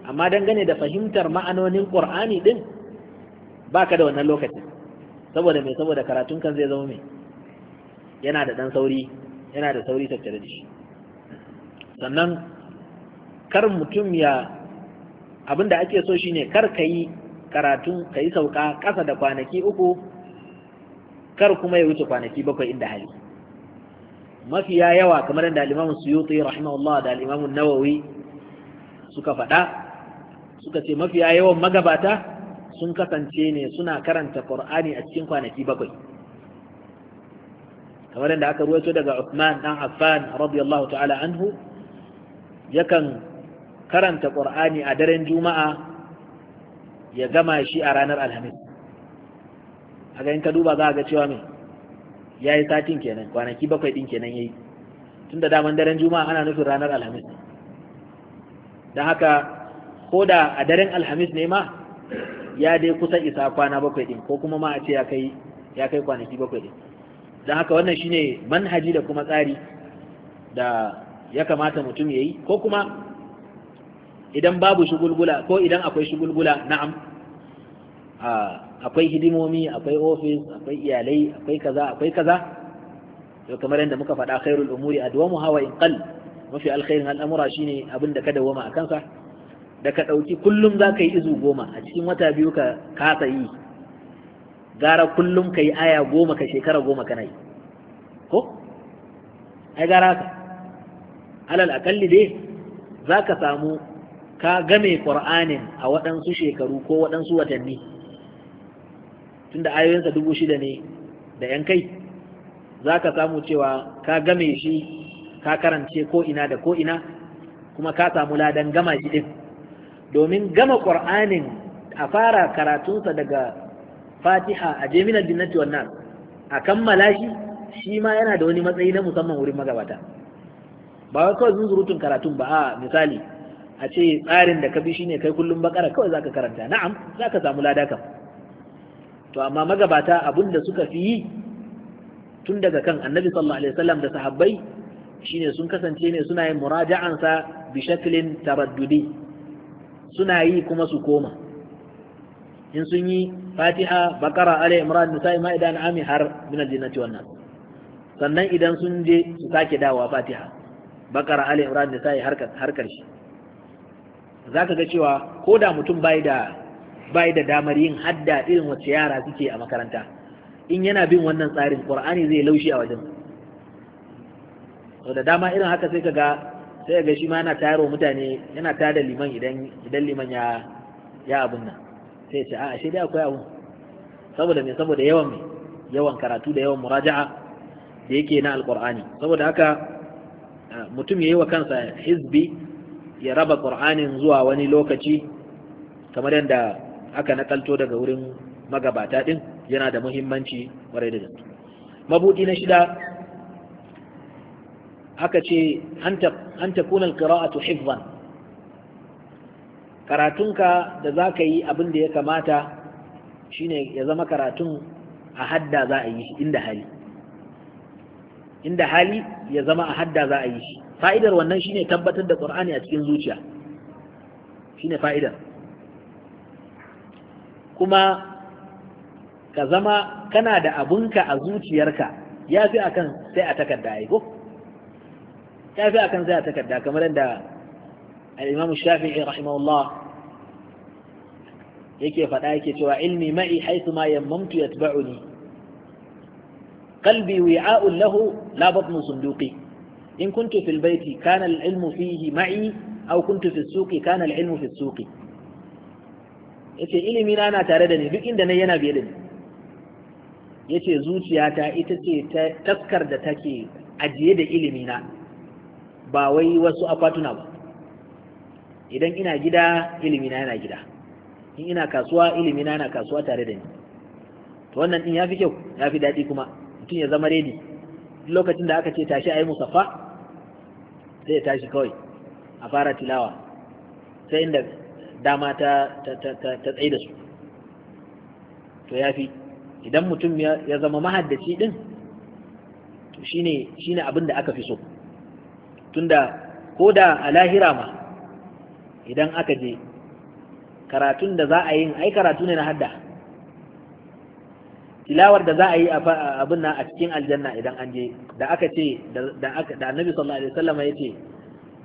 amma dangane da fahimtar ma'anonin ƙur'ani din baka da wannan lokacin saboda mai saboda karatun kan zai zama mai yana da ɗan sauri yana da sauri tattare da shi sannan kar mutum ya abin da ake so shine kar ka yi karatun ka yi sauka ƙasa da kwanaki uku kar kuma ya wuce kwanaki bakwai inda hali mafiya yawa kamar da al'imamun su rahimahullah da al-Imam Nawawi suka faɗa suka ce mafiya yawan magabata sun kasance ne suna karanta Qur'ani a cikin kwanaki bakwai kamar da aka ruwaito daga Uthman dan Affan radiyallahu ta'ala anhu yakan karanta Qur'ani a daren Juma'a ya gama shi a ranar Alhamis ga in ka duba za ga cewa me ya yi satin kenan kwanaki bakwai din kenan ya yi tun da daman daren juma'a ana nufin ranar alhamis ne don haka ko da a daren alhamis ne ma ya dai kusa isa kwana bakwai din ko kuma ma a ce ya kai kwanaki bakwai din don haka wannan shine manhaji da kuma tsari da ya kamata mutum ya yi ko kuma idan babu shugulgula ko idan akwai shugulgula na'am akwai hidimomi akwai ofis akwai iyalai akwai kaza akwai kaza to kamar yadda muka faɗa khairul umuri adwamu hawa in qal mafi alkhairin al'amura shine abin da ka dawoma a kansa da ka ɗauki kullum za ka yi izu goma a cikin wata biyu ka kasa yi gara kullum ka yi aya goma ka shekara goma kana yi ko ai gara ka alal aqalli dai za ka samu ka game ƙur'anin a waɗansu shekaru ko waɗansu watanni tunda ayoyinsa dubu shida ne da yan kai za ka samu cewa ka game shi ka karance ko ina da ko ina kuma ka samu ladan gama shi din domin gama ƙur'anin a fara karatunsa daga fatiha a jami'ar jinnati wannan a kammala shi shi ma yana da wani matsayi na musamman wurin magabata ba wai kawai zunzurutun karatun ba a misali a ce tsarin da ka bi shine kai kullum bakara kawai zaka karanta na'am za ka samu lada kam to amma magabata abin da suka fi yi tun daga kan annabi sallallahu alaihi wasallam da sahabbai shine sun kasance ne suna yin muraja'ansa bi shaklin taraddudi suna yi kuma su koma in sun yi fatiha bakara ala imran Sa'i ma'ida ami har min aljannati wannan sannan idan sun je su sake dawowa fatiha bakara ala imran Sa'i har har karshe zaka ga cewa ko da mutum bai da bai da damar yin hadda irin wacce yara suke a makaranta in yana bin wannan tsarin qur'ani zai laushi a wajen da dama irin haka sai kaga sai ga shi ma yana tayarwa mutane yana tada liman idan idan liman ya ya abun nan sai ta, ce a ashe dai akwai abu saboda me saboda yawan me yawan karatu da yawan muraja'a da yake na alqur'ani saboda haka mutum yayi wa kansa hizbi ya raba qur'anin zuwa wani lokaci kamar yadda aka nakalto daga wurin magabata din yana da muhimmanci kwarai da gaske mabudi na shida aka ce an takuna alqira'atu hifzan karatunka da za ka yi abin da ya kamata shine ya zama karatun a hadda za a yi inda hali inda hali ya zama a hadda za a yi fa'idar wannan shine tabbatar da qur'ani a cikin zuciya shine fa'idar kuma ka zama kana da abunka a zuciyarka ya fi akan sai a takarda aiko ya fi akan sai a takarda kamar yadda al-imam shafi'i rahimahullah yake faɗa yake cewa ilmi ma'i haisu ma yammamtu yatba'uni qalbi wi'a'un lahu la batnu sunduqi in kuntu fil baiti kana al-ilmu fihi ma'i aw kuntu fi as-suqi kana al-ilmu fi suqi yace ilimi na na tare da ni duk inda na yana biye da ni yace zuciyata ita ce taskar da take ajiye da ilimi na ba wai wasu akwatuna ba idan ina gida ilimi na yana gida in ina kasuwa ilimi na yana kasuwa tare da ni to wannan din yafi kyau yafi daɗi kuma mutum ya zama redi lokacin da aka ce tashi ayi musaffa sai ya tashi kawai a fara tilawa sai inda dama ta tsaye da su to ya fi idan mutum ya zama mahaddaci din to shi ne abin da aka fi so tunda ko da a lahira ma idan aka je karatun da za a yi ai karatu ne na hadda tilawar da za a yi abin na a cikin aljanna idan an je da aka ce da annabi sallallahu alaihi wasallam ya ce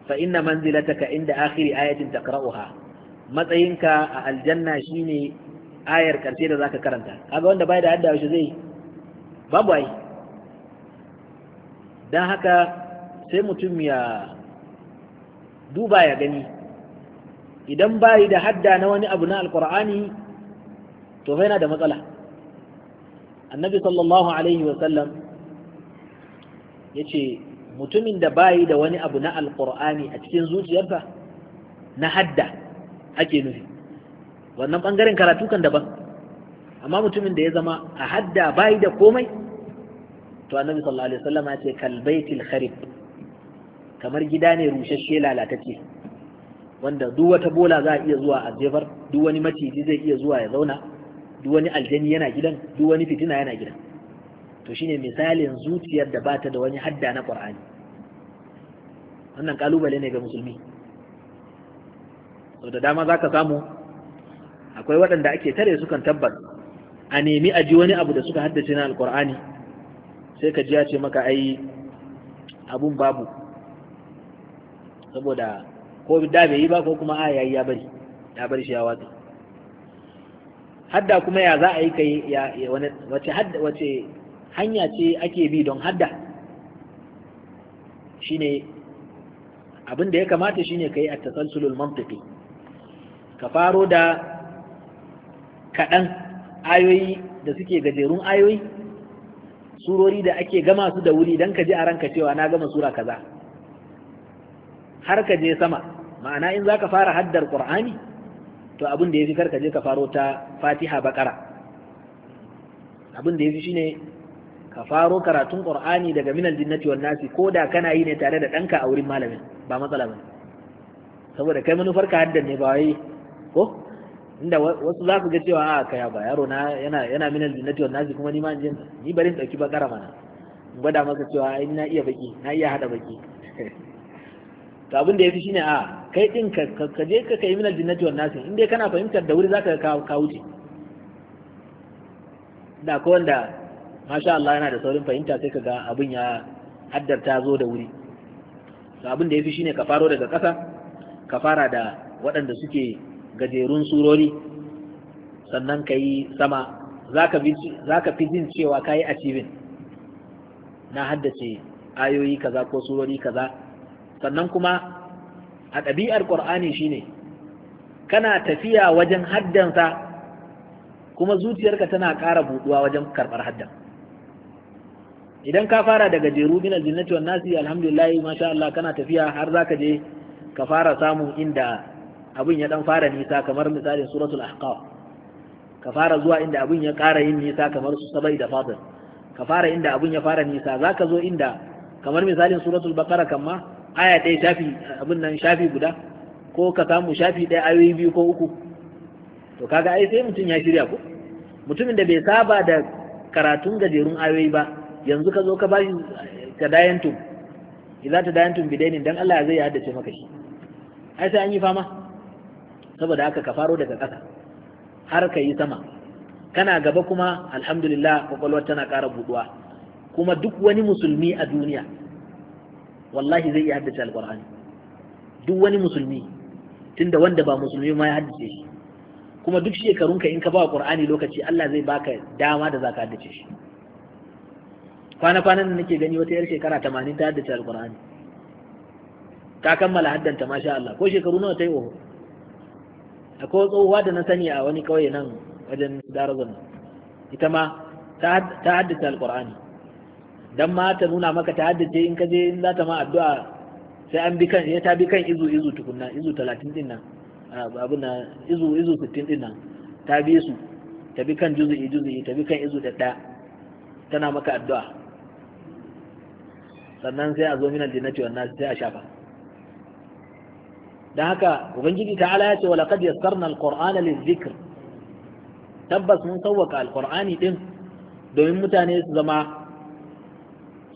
fa inna manzilataka inda akhiri ayatin taqra'uha matsayinka a aljanna shine ayar karshe da zaka karanta kaga wanda bai da hadda yaushe zai babu ai dan haka sai mutum ya duba ya gani idan bai da hadda na wani abu na alqur'ani to fa yana da matsala annabi sallallahu alaihi wa sallam yace mutumin da bai da wani abu na alqur'ani a cikin zuciyarsa na hadda ake nufi wannan bangaren karatu kan daban amma mutumin da ya zama a hadda bayi da komai to annabi sallallahu alaihi wasallam ya ce kalbaitil kharib kamar gida ne rushashe lalatacce wanda duk wata bola za a iya zuwa a jefar duk wani maciji zai iya zuwa ya zauna duk wani aljani yana gidan duk wani fitina yana gidan to shine misalin zuciyar da bata da wani hadda na qur'ani wannan kalubale ne ga musulmi so da dama zaka samu akwai waɗanda ake tare su kan tabbas a nemi a ji wani abu da suka haddace na alkur'ani sai ka ji ya ce maka ai abun babu saboda ko da bai yi ba ko kuma a yayi ya bari ya bari shi ya watsa hadda kuma ya za a yi kai ya wace hadda wace hanya ce ake bi don hadda shine abin da ya kamata shine kai at-tasalsulul mantiqi ka faro da kaɗan ayoyi da suke gajerun ayoyi surori da ake gama su da wuri don ka ji a ranka cewa na gama sura kaza har ka je sama ma'ana in za ka fara haddar ƙur'ani to abin da ya fi kar ka je ka faro ta fatiha bakara abin da ya fi shine ka faro karatun ƙur'ani daga minal jinnati wal nasi ko da kana yi ne tare da ɗanka a wurin malamin ba matsala ba saboda kai manufar ka haddan ne ba wai ko inda wasu za ku ga cewa a ah, kaya ba yaro na yana yana minal jinnati wan nasi kuma ni ma jin ni bari in dauki bakara mana in gwada masa cewa ai na iya baki na iya hada baki to abin da yafi shine a ah, kai din ka ka je ka kai minal jinnati wan nasi in dai kana fahimtar da wuri zaka ka ka wuce da ko wanda masha Allah yana da saurin fahimta sai ka ga abin ya haddarta zo da wuri to abin da yafi shine ka faro daga ƙasa ka fara da waɗanda suke gajerun surori sannan ka yi sama za ka fi jin cewa ka yi achieving na haddace ayoyi kaza ko surori kaza sannan kuma a ɗabi'ar ƙur'ani shine kana tafiya wajen haddansa kuma zuciyarka tana ƙara buɗuwa wajen karɓar haddan idan ka fara daga jeru min aljinnati wan nasi alhamdulillah masha Allah kana tafiya har zaka je ka fara samun inda abin ya dan fara nisa kamar misalin suratul ahqaf ka fara zuwa inda abin ya ƙara yin nisa kamar su sabai da fadl ka fara inda abin ya fara nisa zaka zo inda kamar misalin suratul baqara kamma aya ɗaya shafi abin nan shafi guda ko ka samu shafi ɗaya ayoyi biyu ko uku to kaga ai sai mutum ya shirya ko mutumin da bai saba da karatun gajerun ayoyi ba yanzu ka zo ka bashi ka dayantum idan ta dayantum bidainin dan Allah zai haddace maka shi ai sai an yi fama saboda haka ka faro daga ƙasa har ka yi sama kana gaba kuma alhamdulillah kwakwalwar tana ƙara buɗuwa kuma duk wani musulmi a duniya wallahi zai iya haddace alƙur'ani duk wani musulmi tunda wanda ba musulmi ma ya haddace shi kuma duk shekarunka in ka ba ƙur'ani lokaci Allah zai baka dama da zaka haddace shi kwana-kwanan da nake gani wata yar shekara tamanin ta haddace Alƙur'ani. ta kammala haddanta masha Allah ko shekaru nawa ta yi oho akwai tsohuwa da na sani a wani kawai nan wajen darazan ita ma ta haddace alkur'ani dan ma ta nuna maka ta haddace in ka je in za ta ma addu'a sai an bi kan ya eh, ta bi kan izu izu tukunna izu talatin din nan ah, abin na izu izu sittin din nan ta bi su ta bi kan juzu'i juzu'i ta bi kan izu da ɗaya tana maka addu'a sannan sai a zo minan jinnati wannan sai a shafa Da haka ubangiji ta'ala ya ce wala kad yassarna alqur'ana lizikr tabbas mun sawwaka alqur'ani din domin mutane su zama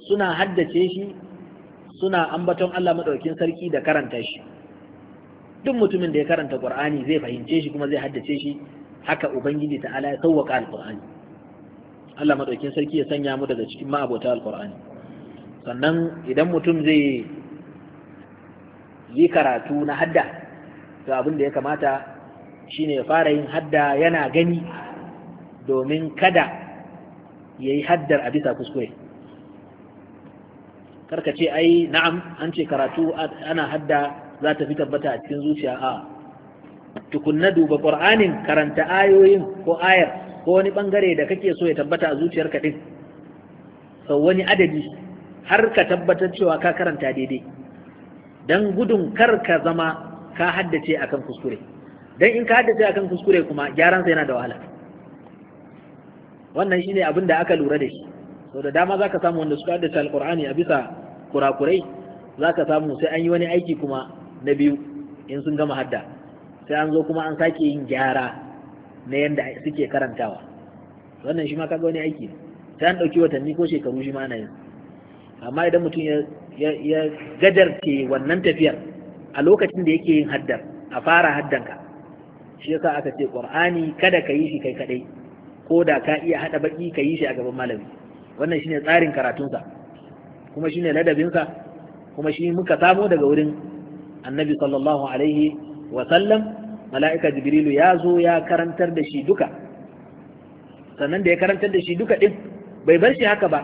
suna haddace shi suna ambaton Allah madaukin sarki da karanta shi duk mutumin da ya karanta qur'ani zai fahimce shi kuma zai haddace shi haka ubangiji ta'ala ya sawwaka alqur'ani Allah madaukin sarki ya sanya mu daga cikin ma'abota alqur'ani sannan idan mutum zai yi karatu na hadda to abin da ya kamata shine ya fara yin hadda yana gani domin kada ya yi haddar a bisa kuskure karka ce ai na'am an ce karatu ana hadda za ta fi tabbata a cikin zuciya a tukunna duba ƙur'anin karanta ayoyin ko ayar ko wani ɓangare da kake so ya tabbata a ka ɗin sau wani adadi har ka tabbatar cewa ka karanta daidai dan gudun kar ka zama ka haddace akan kuskure dan in ka haddace akan kuskure kuma gyaran sa yana da wahala wannan shine abin da aka lura da shi sau da dama zaka samu wanda suka haddace alqur'ani a bisa kurakurai zaka samu sai an yi wani aiki kuma na biyu in sun gama hadda sai an zo kuma an sake yin gyara na yadda suke karantawa wannan shi ma kaga wani aiki sai an ɗauki watanni ko shekaru shi ma ana yin amma idan mutum ya ya gadarce wannan tafiyar a lokacin da yake yin haddar a fara haddanka shi yasa aka ce qur'ani kada ka yi shi kai kadai ko da ka iya hada baki ka yi shi a gaban malami wannan shine tsarin karatunsa kuma shine ladabinsa kuma shi muka samo daga wurin annabi sallallahu alaihi wa sallam mala'ika jibrilu ya zo ya karantar da shi duka sannan da ya karantar da shi duka din bai bar shi haka ba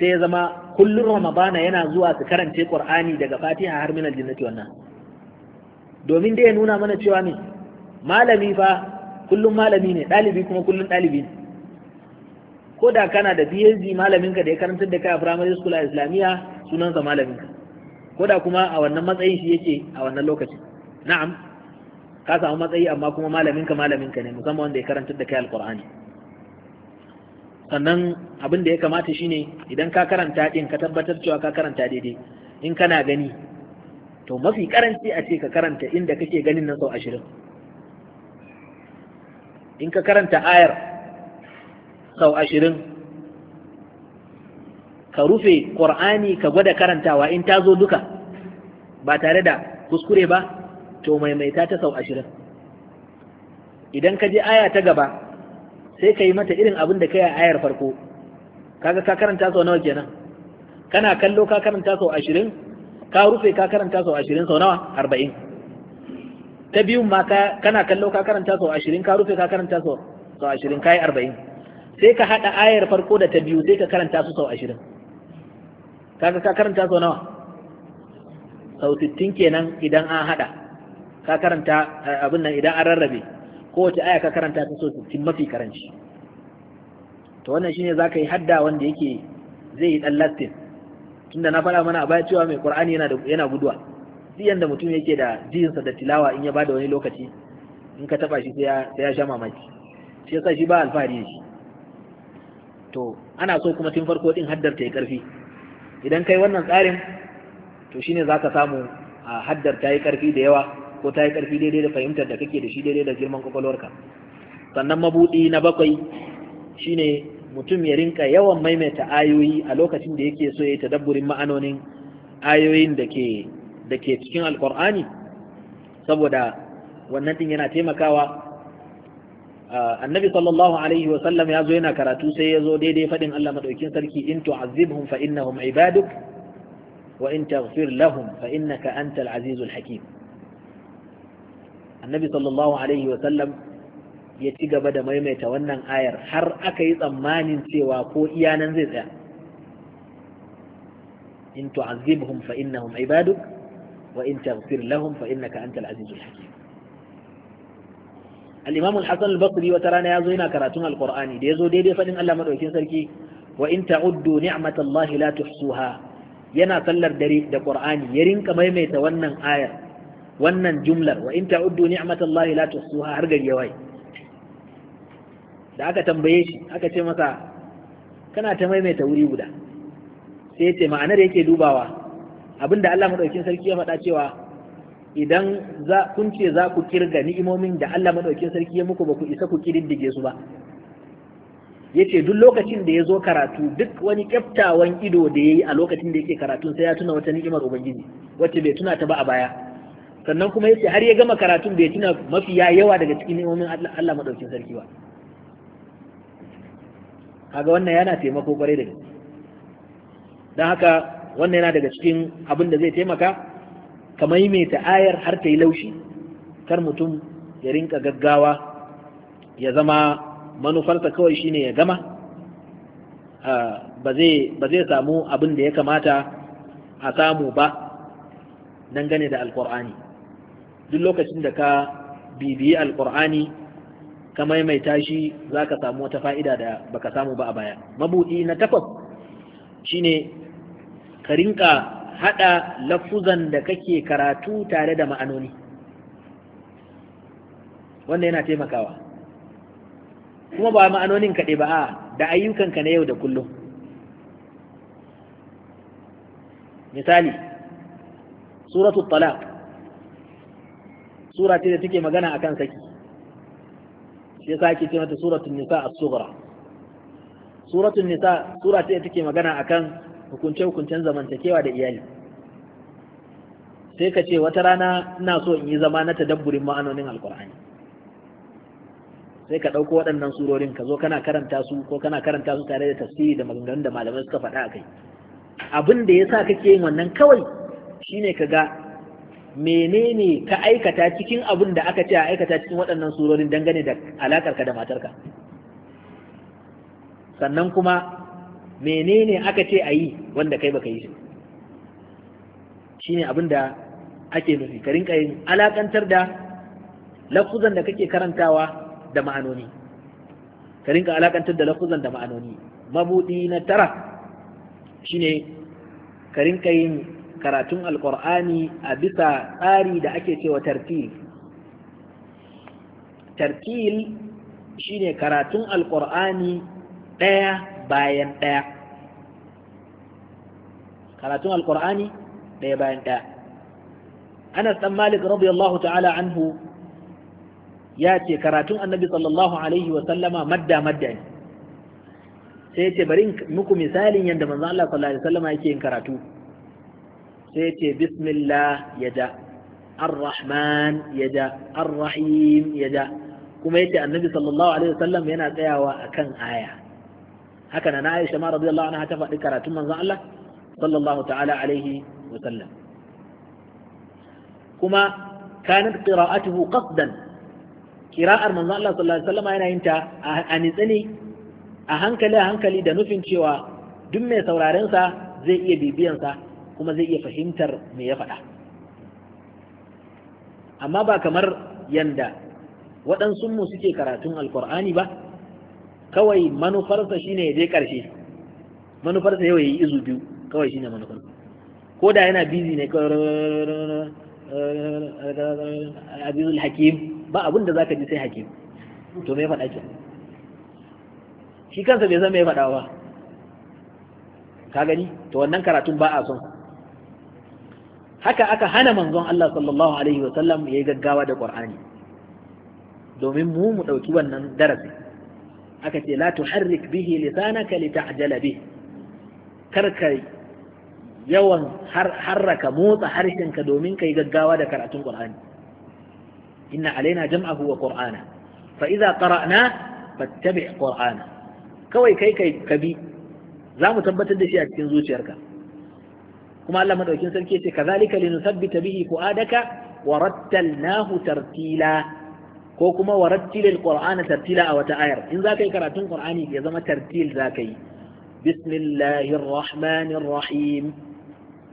sai ya zama kullum ramadana yana zuwa su karance qur'ani daga fatiha har minal jinnati wannan domin dai ya nuna mana cewa ne malami fa kullum malami ne ɗalibi kuma kullum ɗalibi ne ko da kana da malamin malaminka da ya karantar da kai a primary school a islamiyya sunansa malaminka ko da kuma a wannan matsayin shi yake a wannan lokacin na'am ka samu matsayi amma kuma malaminka malaminka ne musamman wanda ya karantar da kai alqur'ani sannan abin da ya kamata shine idan ka karanta ɗin ka tabbatar cewa ka karanta daidai in kana gani to mafi karanci a ce ka karanta inda kake ganin na sau ashirin in ka karanta ayar sau ashirin ka rufe ƙur'ani ka gwada karantawa in ta zo duka ba tare da kuskure ba to maimaita ta sau ashirin idan ka je aya ta gaba sai ka yi mata irin abin da ka yi a ayar farko kaga ka karanta sau nawa kenan kana kallo ka karanta sau ashirin ka rufe ka karanta sau ashirin sau nawa arba'in ta biyun ma kana kallo ka karanta sau ashirin ka rufe ka karanta sau ashirin ka yi arba'in sai ka haɗa ayar farko da ta biyu sai ka karanta su sau ashirin kaga ka karanta sau nawa sau sittin kenan idan an haɗa ka karanta eh, abin nan idan an rarrabe kowace aya ka karanta ta so sittin mafi karanci to wannan shine zaka yi hadda wanda yake zai yi dan lastin tunda na faɗa mana a baya cewa mai qur'ani yana yana guduwa duk yanda mutum yake da jinsa da tilawa in ya da wani lokaci in ka taba shi sai ya sha mamaki shi yasa shi ba alfahari ne shi to ana so kuma tun farko din haddar ta yi karfi idan kai wannan tsarin to shine zaka samu a haddar ta yi karfi da yawa ko ta yi ƙarfi daidai da fahimtar da kake da shi daidai da girman kwakwalwarka sannan mabuɗi na bakwai shine mutum ya rinka yawan maimaita ayoyi a lokacin da yake so ya tadabburin ma'anonin ayoyin da ke da ke cikin alkur'ani saboda wannan din yana taimakawa annabi sallallahu alaihi wa sallam ya zo yana karatu sai ya zo daidai faɗin Allah madaukin sarki in tu'azzibhum fa innahum ibaduk wa in taghfir lahum fa innaka antal azizul hakim annabi sallallahu alaihi wasallam ya ci gaba da maimaita wannan ayar har aka yi tsammanin cewa ko iyanan zai tsaya in tu'azzibhum fa innahum ibaduk wa in taghfir lahum fa innaka antal azizul hakim al-imam al-hasan al-basri wata rana yazo yana karatun al-qur'ani da yazo daidai fadin Allah madaukakin sarki wa in ta'uddu ni'matallahi la tuhsuha yana sallar dare da qur'ani ya rinka maimaita wannan ayar wannan jumlar wa in ta'uddu ni'matallahi la tuhsuha har gari ya da aka tambaye shi aka ce masa kana ta maimaita wuri guda sai ya ce ma'anar yake dubawa abinda Allah madaukakin sarki ya faɗa cewa idan za kun ce za ku kirga ni'imomin da Allah madaukakin sarki ya muku ba ku isa ku kididdige su ba yace duk lokacin da ya zo karatu duk wani kyaftawan ido da ya yi a lokacin da yake karatu sai ya tuna wata ni'imar ubangiji wacce bai tuna ta ba a baya sannan kuma yace har ya gama karatun bai tuna mafi yawa daga cikin nemomin Allah maɗaukin sarki ba kaga wannan yana taimako kwarai da gaske don haka wannan yana daga cikin abin da zai taimaka ka maimaita ayar har ta yi laushi kar mutum ya rinka gaggawa ya zama manufarsa kawai shine ya gama ah, ba zai samu abin da ya kamata a samu ba dangane da alkur'ani duk lokacin da ka bibiyi alkur'ani ka maimaita shi za ka samu wata fa'ida da baka samu ba a baya mabuɗi na takwas shine ka rinka haɗa lafuzan da kake karatu tare da ma'anoni wanda yana taimakawa kuma ba ma'anonin kaɗai ba a da ayyukanka na yau da kullum misali suratul talaq sura ce da take magana a kan saki shi yasa ake ce mata suratul nisa as-sughra suratul nisa sura ce da take magana akan hukunce hukuncen zamantakewa da iyali sai ka ce wata rana ina so in yi zama na tadabburin ma'anonin alkur'ani sai ka ɗauko waɗannan surorin ka zo kana karanta su ko kana karanta su tare da tafsiri da maganganun da malamai suka faɗa a kai abin da ya sa kake yin wannan kawai shine ka ga menene ka aikata cikin abin da aka ce a aikata cikin waɗannan surorin dangane da alakarka da matarka sannan kuma menene aka ce a yi wanda kai baka yi shi ne abin da ake nufi ka rinka yin alakantar da lafuzan da kake karantawa da ma'anoni ka rinka alakantar da lafuzan da ma'anoni mabudi na tara shine ka rinka yin karatun alkur'ani a bisa tsari da ake cewa tartil tartil shine karatun alkur'ani ɗaya bayan ɗaya karatun alkur'ani ɗaya bayan ɗaya anas dan malik radiyallahu ta'ala anhu ya ce karatun annabi sallallahu alaihi wa sallama madda madda ne sai ce bari muku misalin yadda manzo Allah sallallahu alaihi wa sallama yake yin karatu sai ce bismillah ya da ar-rahman ya da ar-rahim ya da" kuma yace annabi sallallahu alaihi wasallam yana tsayawa akan aya haka na Aisha ma radiyallahu anha ta faɗi karatun manzon Allah sallallahu ta'ala alaihi wasallam kuma kanat qira'atuhu qasdan qira'ar manzon Allah sallallahu alaihi wasallam yana yin ta a nitsani a hankali a hankali da nufin cewa duk mai sauraren sa zai iya bibiyan sa kuma zai iya fahimtar me ya faɗa amma ba kamar yanda waɗansu mu suke karatun alkur'ani ba kawai manufarsa shine ya je ƙarshe manufarsa yau ya yi izu biyu kawai shine manufarsa ko da yana bizi ne abizul hakim ba abin da zaka ji sai hakim to me faɗa ke shi kansa bai san me faɗa ba ka gani to wannan karatun ba a son haka aka hana manzon Allah sallallahu alaihi wasallam ya yi gaggawa da Qur'ani domin mu mu ɗauki wannan darasi aka ce la tuharrik bihi lisanaka lita'jala bihi kar ka yawan harraka motsa harshenka domin kai gaggawa da karatun Qur'ani inna alaina jam'ahu wa qur'ana fa idza qara'na fattabi' qur'ana kawai kai kai bi, za mu tabbatar da shi a cikin zuciyarka kuma Allah madaukin sarki yace kazalika linusabbita bihi fuadaka wa rattalnahu tartila ko kuma wa rattilil qur'ana tartila a wata ayar in zaka yi karatun qur'ani ya zama tartil zaka yi bismillahir rahmanir rahim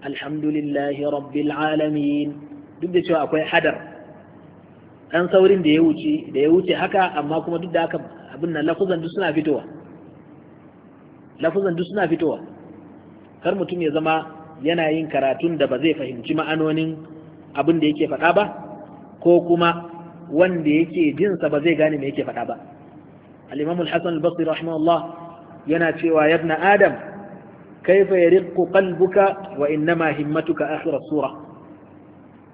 alhamdulillahi rabbil alamin duk da cewa akwai hadar dan saurin da ya wuce da ya wuce haka amma kuma duk da haka abin nan lafuzan duk suna fitowa lafuzan duk suna fitowa kar mutum ya zama yana yin karatun da ba zai fahimci ma'anonin abin da yake faɗa ba ko kuma wanda yake jinsa ba zai gane me yake faɗa ba al-imam al-hasan al-basri rahimahullah yana cewa ya ibn adam kaifa yariqu qalbuka wa innama himmatuka akhir as-sura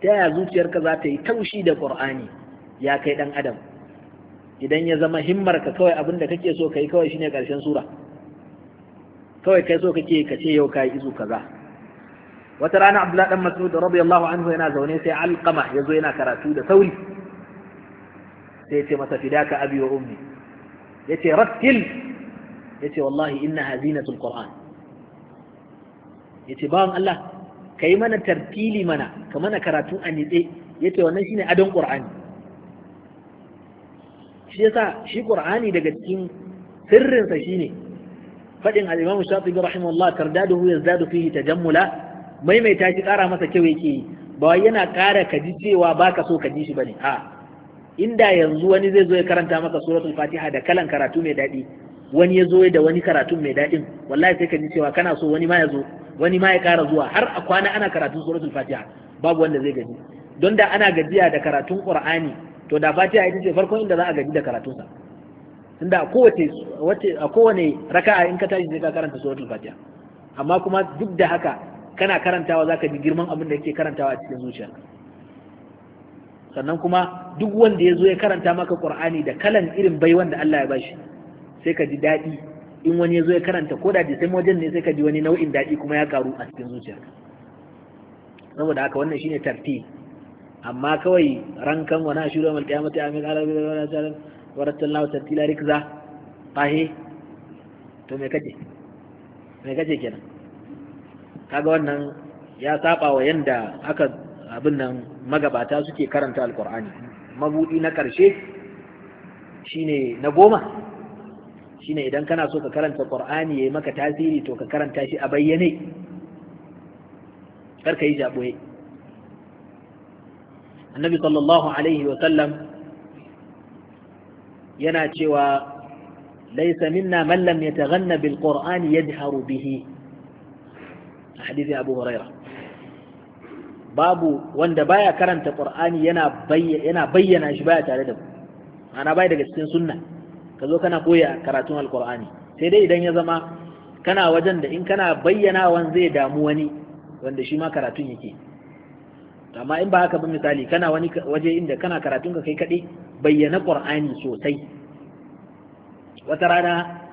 ta ya zuciyarka za ta yi taushi da qur'ani ya kai dan adam idan ya zama ka kawai abin da kake so kai kawai shine karshen sura kawai kai so kake ka ce yau kai izu kaza wata rana abdullahi dan mas'ud radiyallahu anhu yana zaune sai alqama yazo yana karatu da sauri sai yace masa fidaka abi wa ummi yace rattil yace wallahi inna hazinatul qur'an yace bawan Allah kai mana tartili mana ka mana karatu a nitse yace wannan shine adon qur'ani shi yasa shi qur'ani daga cikin sirrinsa shine fadin al-imam shafi'i rahimahullah tardaduhu yazdadu fihi tajammula maimaita shi ƙara masa kyau yake ba wai yana ƙara ka ji cewa ka so ka ji shi bane a inda yanzu wani zai zo ya karanta maka suratul fatiha da kalan karatu mai daɗi wani ya zo da wani karatun mai daɗin wallahi sai ka ji cewa kana so wani ma ya zo wani ma ya ƙara zuwa har a kwana ana karatun suratul fatiha babu wanda zai gaji don da ana gajiya da karatun qur'ani to da fatiha ita ce farkon inda za a gaji da karatunsa tunda a kowace wace a kowane raka'a in ka tashi sai ka karanta suratul fatiha amma kuma duk da haka kana karantawa za ka ji girman abin da yake karantawa a cikin zuciya sannan kuma duk wanda ya zo ya karanta maka qur'ani da kalan irin bai wanda Allah ya bashi sai ka ji daɗi in wani ya zo ya karanta ko da sai wajen ne sai ka ji wani nau'in daɗi kuma ya karu a cikin zuciya saboda haka wannan shine Tarti amma kawai rankan wani a mal kiyamata ya mika alabi da wani lawa rikza fahe to me kace me kace kenan kaga wannan ya saba wa yanda aka abin nan magabata suke karanta alkur'ani mabudi na karshe shine na goma shine idan kana so ka karanta qur'ani yayi maka tasiri to ka karanta shi a bayyane kar ka yi jaboye annabi sallallahu alaihi wa sallam yana cewa laysa minna man lam yataghanna bil qur'ani yajharu bihi hadisin abu huraira babu wanda baya karanta qur'ani yana bayyana yana bayyana shi baya tare da ku. ana bai daga cikin sunna kazo kana koya karatun alqur'ani sai dai idan ya zama kana wajen da in kana wan zai damu wani wanda shi ma karatun yake amma in ba haka ba misali kana wani waje inda kana karatun ka kai kaɗai bayyana qur'ani sosai wata rana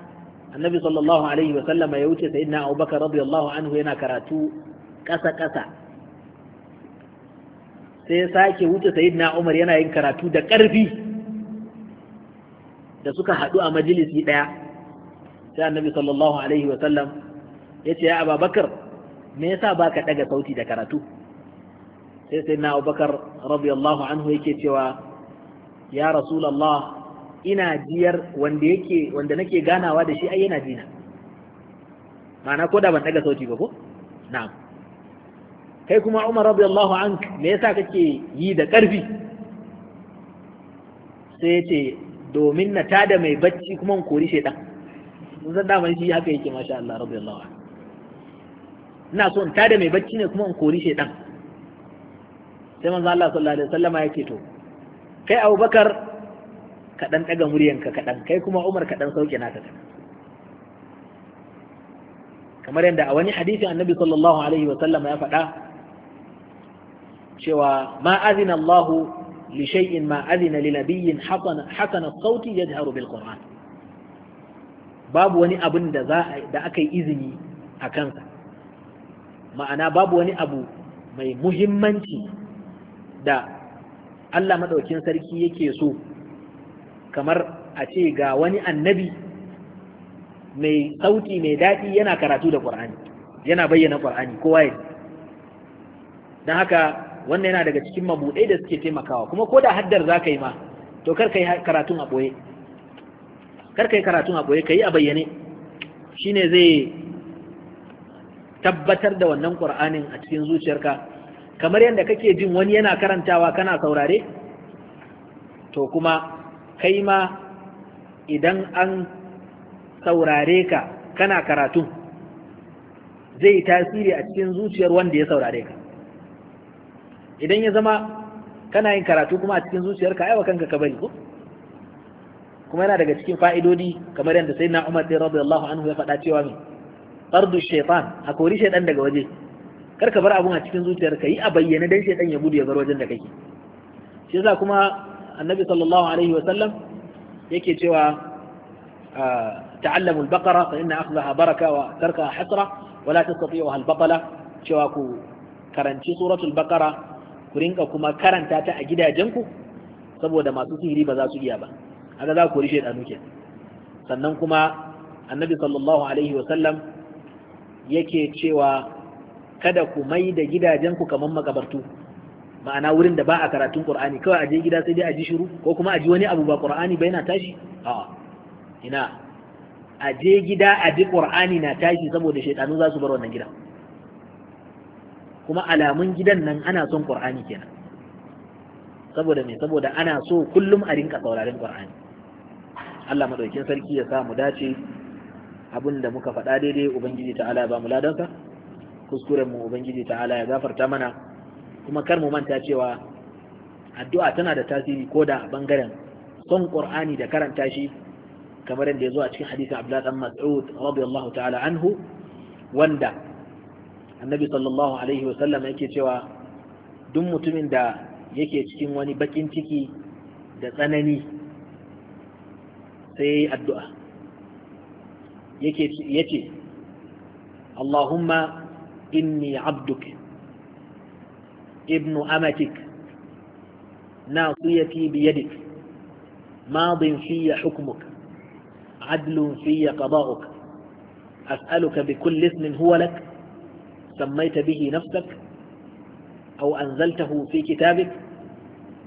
annabi sallallahu alaihi wasallama ya wuce sayyidina abubakar radiyallahu anhu yana karatu ƙasa ƙasa sai ya sake wuce sayyidina umar yana yin karatu da ƙarfi da suka hadu a majalisi ɗaya sai annabi sallallahu alaihi wasallam ya ce ya ababakar me yasa baka ɗaga sauti da karatu sai sayyidina abubakar radiyallahu anhu yake cewa ya rasulallah ina jiyar wanda yake wanda nake ganawa da shi ai yana jina ma'ana ko da ban daga sauti ba ko na'am kai kuma Umar radiyallahu anka me yasa kake yi da ƙarfi sai yace domin na tada mai bacci kuma kori shedan mun san daman shi haka yake masha Allah radiyallahu anhu ina so in tada mai bacci ne kuma in kori shedan sai manzo Allah sallallahu alaihi wasallama yake to kai Abubakar ka dan daga muryanka kaɗan kai kuma umar ka dan sauke naka kamar yadda a wani hadisi annabi sallallahu alaihi wa sallam ya faɗa cewa ma azina Allah li shay'in ma azina li nabiyyin hasana sauti yajharu bil qur'an babu wani abin da za da aka yi izini a kansa ma'ana babu wani abu mai muhimmanci da Allah madaukin sarki yake so kamar a ce ga wani annabi mai sauti mai daɗi yana karatu da ƙur'ani yana bayyana ƙur'ani kowa ya don haka wannan yana daga cikin mabuɗai da suke taimakawa kuma ko da haddar za ka yi ma to kar ka yi karatun a ɓoye kar ka yi karatun a ɓoye ka yi a bayyane shine zai tabbatar da wannan ƙur'anin a cikin zuciyarka kamar yadda kake jin wani yana karantawa kana saurare to kuma kai ma idan an saurare ka kana karatu zai tasiri a cikin zuciyar wanda ya saurare ka idan ya zama kana yin karatu kuma a cikin zuciyar ka aiwa kanka ka bari ko kuma yana daga cikin fa'idodi kamar yadda sai na umar ɗin radiyallahu anhu ya faɗa cewa min tsardu shaytan a kori shaiɗan daga waje karka bar abun a cikin zuciyar ka yi a bayyane dan shaytan ya gudu ya bar wajen da kake shi yasa kuma annabi sallallahu alaihi wasallam yake cewa ah, ta'allamul baqara fa inna akhdhaha baraka wa tarkaha hasra wa la tastati'uha al-batala cewa ku karanci suratul baqara ku rinka kuma karanta ta a gidajenku saboda masu sihiri ba za su iya ba haka za ku rishe ɗanu ke sannan kuma annabi sallallahu alaihi wasallam yake cewa kada ku mai da gidajenku kamar makabartu ma'ana wurin da ba a karatun qur'ani kawai a je gida sai dai a ji shiru ko kuma a ji wani abu ba qur'ani ba yana tashi a'a ina a je gida a ji qur'ani na tashi saboda shaytanu za su bar wannan gida kuma alamun gidan nan ana son qur'ani kenan saboda me saboda ana so kullum a rinka sauraron qur'ani Allah madaukin sarki ya sa mu dace abin da muka faɗa daidai ubangiji ta'ala ba mu ladansa kuskuren mu ubangiji ta'ala ya gafarta mana kuma kar mu manta cewa addu'a tana da tasiri ko da a bangaren son qur'ani da karanta shi kamar yadda ya zo a cikin hadisin abdullahi dan mas'ud radiyallahu ta'ala anhu wanda annabi sallallahu alaihi wa sallam yake cewa duk mutumin da yake cikin wani bakin ciki da tsanani sai addu'a yake yace Allahumma inni abduk!" ابن أمتك ناصيتي بيدك ماض في حكمك عدل في قضاؤك أسألك بكل اسم هو لك سميت به نفسك أو أنزلته في كتابك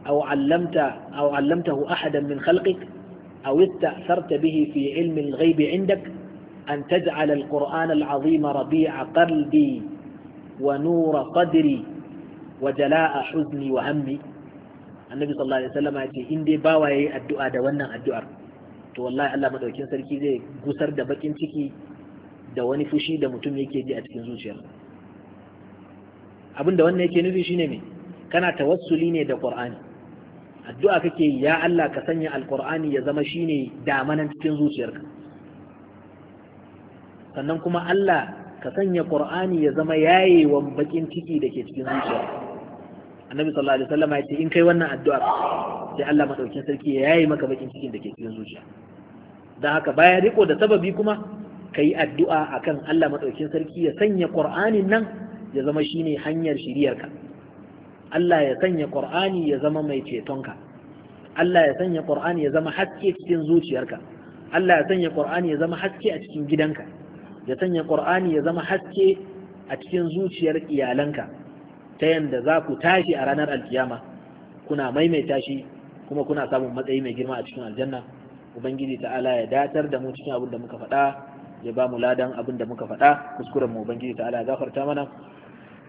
أو علمت أو علمته أحدا من خلقك أو استأثرت به في علم الغيب عندك أن تجعل القرآن العظيم ربيع قلبي ونور قدري wa jala'a huzni wa hammi annabi sallallahu alaihi wasallam ya ce in dai bawa yayi addu'a da wannan addu'ar to wallahi Allah madaukin sarki zai gusar da bakin ciki da wani fushi da mutum yake ji a cikin zuciyarsa abinda wannan yake nufi shine me kana tawassuli ne da qur'ani addu'a kake ya Allah ka sanya alqur'ani ya zama shine damanan cikin zuciyarka sannan kuma Allah ka sanya Qur'ani ya zama yayewan bakin ciki da ke cikin zuciyarka. annabi sallallahu alaihi wasallam ya ce in kai wannan addu'a sai Allah madaukakin sarki ya yayi maka bakin cikin da ke cikin zuciya dan haka bayan riko da sababi kuma kai addu'a akan Allah maɗaukin sarki ya sanya Qur'anin nan ya zama shine hanyar shiriyarka Allah ya sanya Qur'ani ya zama mai cetonka Allah ya sanya Qur'ani ya zama haske cikin zuciyarka Allah ya sanya Qur'ani ya zama haske a cikin gidanka ya sanya Qur'ani ya zama haske a cikin zuciyar iyalanka ta yanda za ku tashi a ranar alkiyama kuna maimaita shi kuma kuna samun matsayi mai girma a cikin aljanna ubangiji ta'ala ya datar da mu cikin abin da muka faɗa ya ba mu ladan abin da muka faɗa kuskuren mu ubangiji ta'ala ya gafarta mana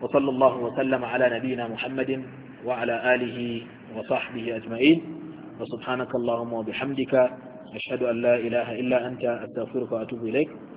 wa sallallahu wa sallama ala nabiyina muhammadin wa ala alihi wa sahbihi ajma'in wa subhanakallahumma wa bihamdika ashhadu an la ilaha illa anta astaghfiruka wa atubu ilaik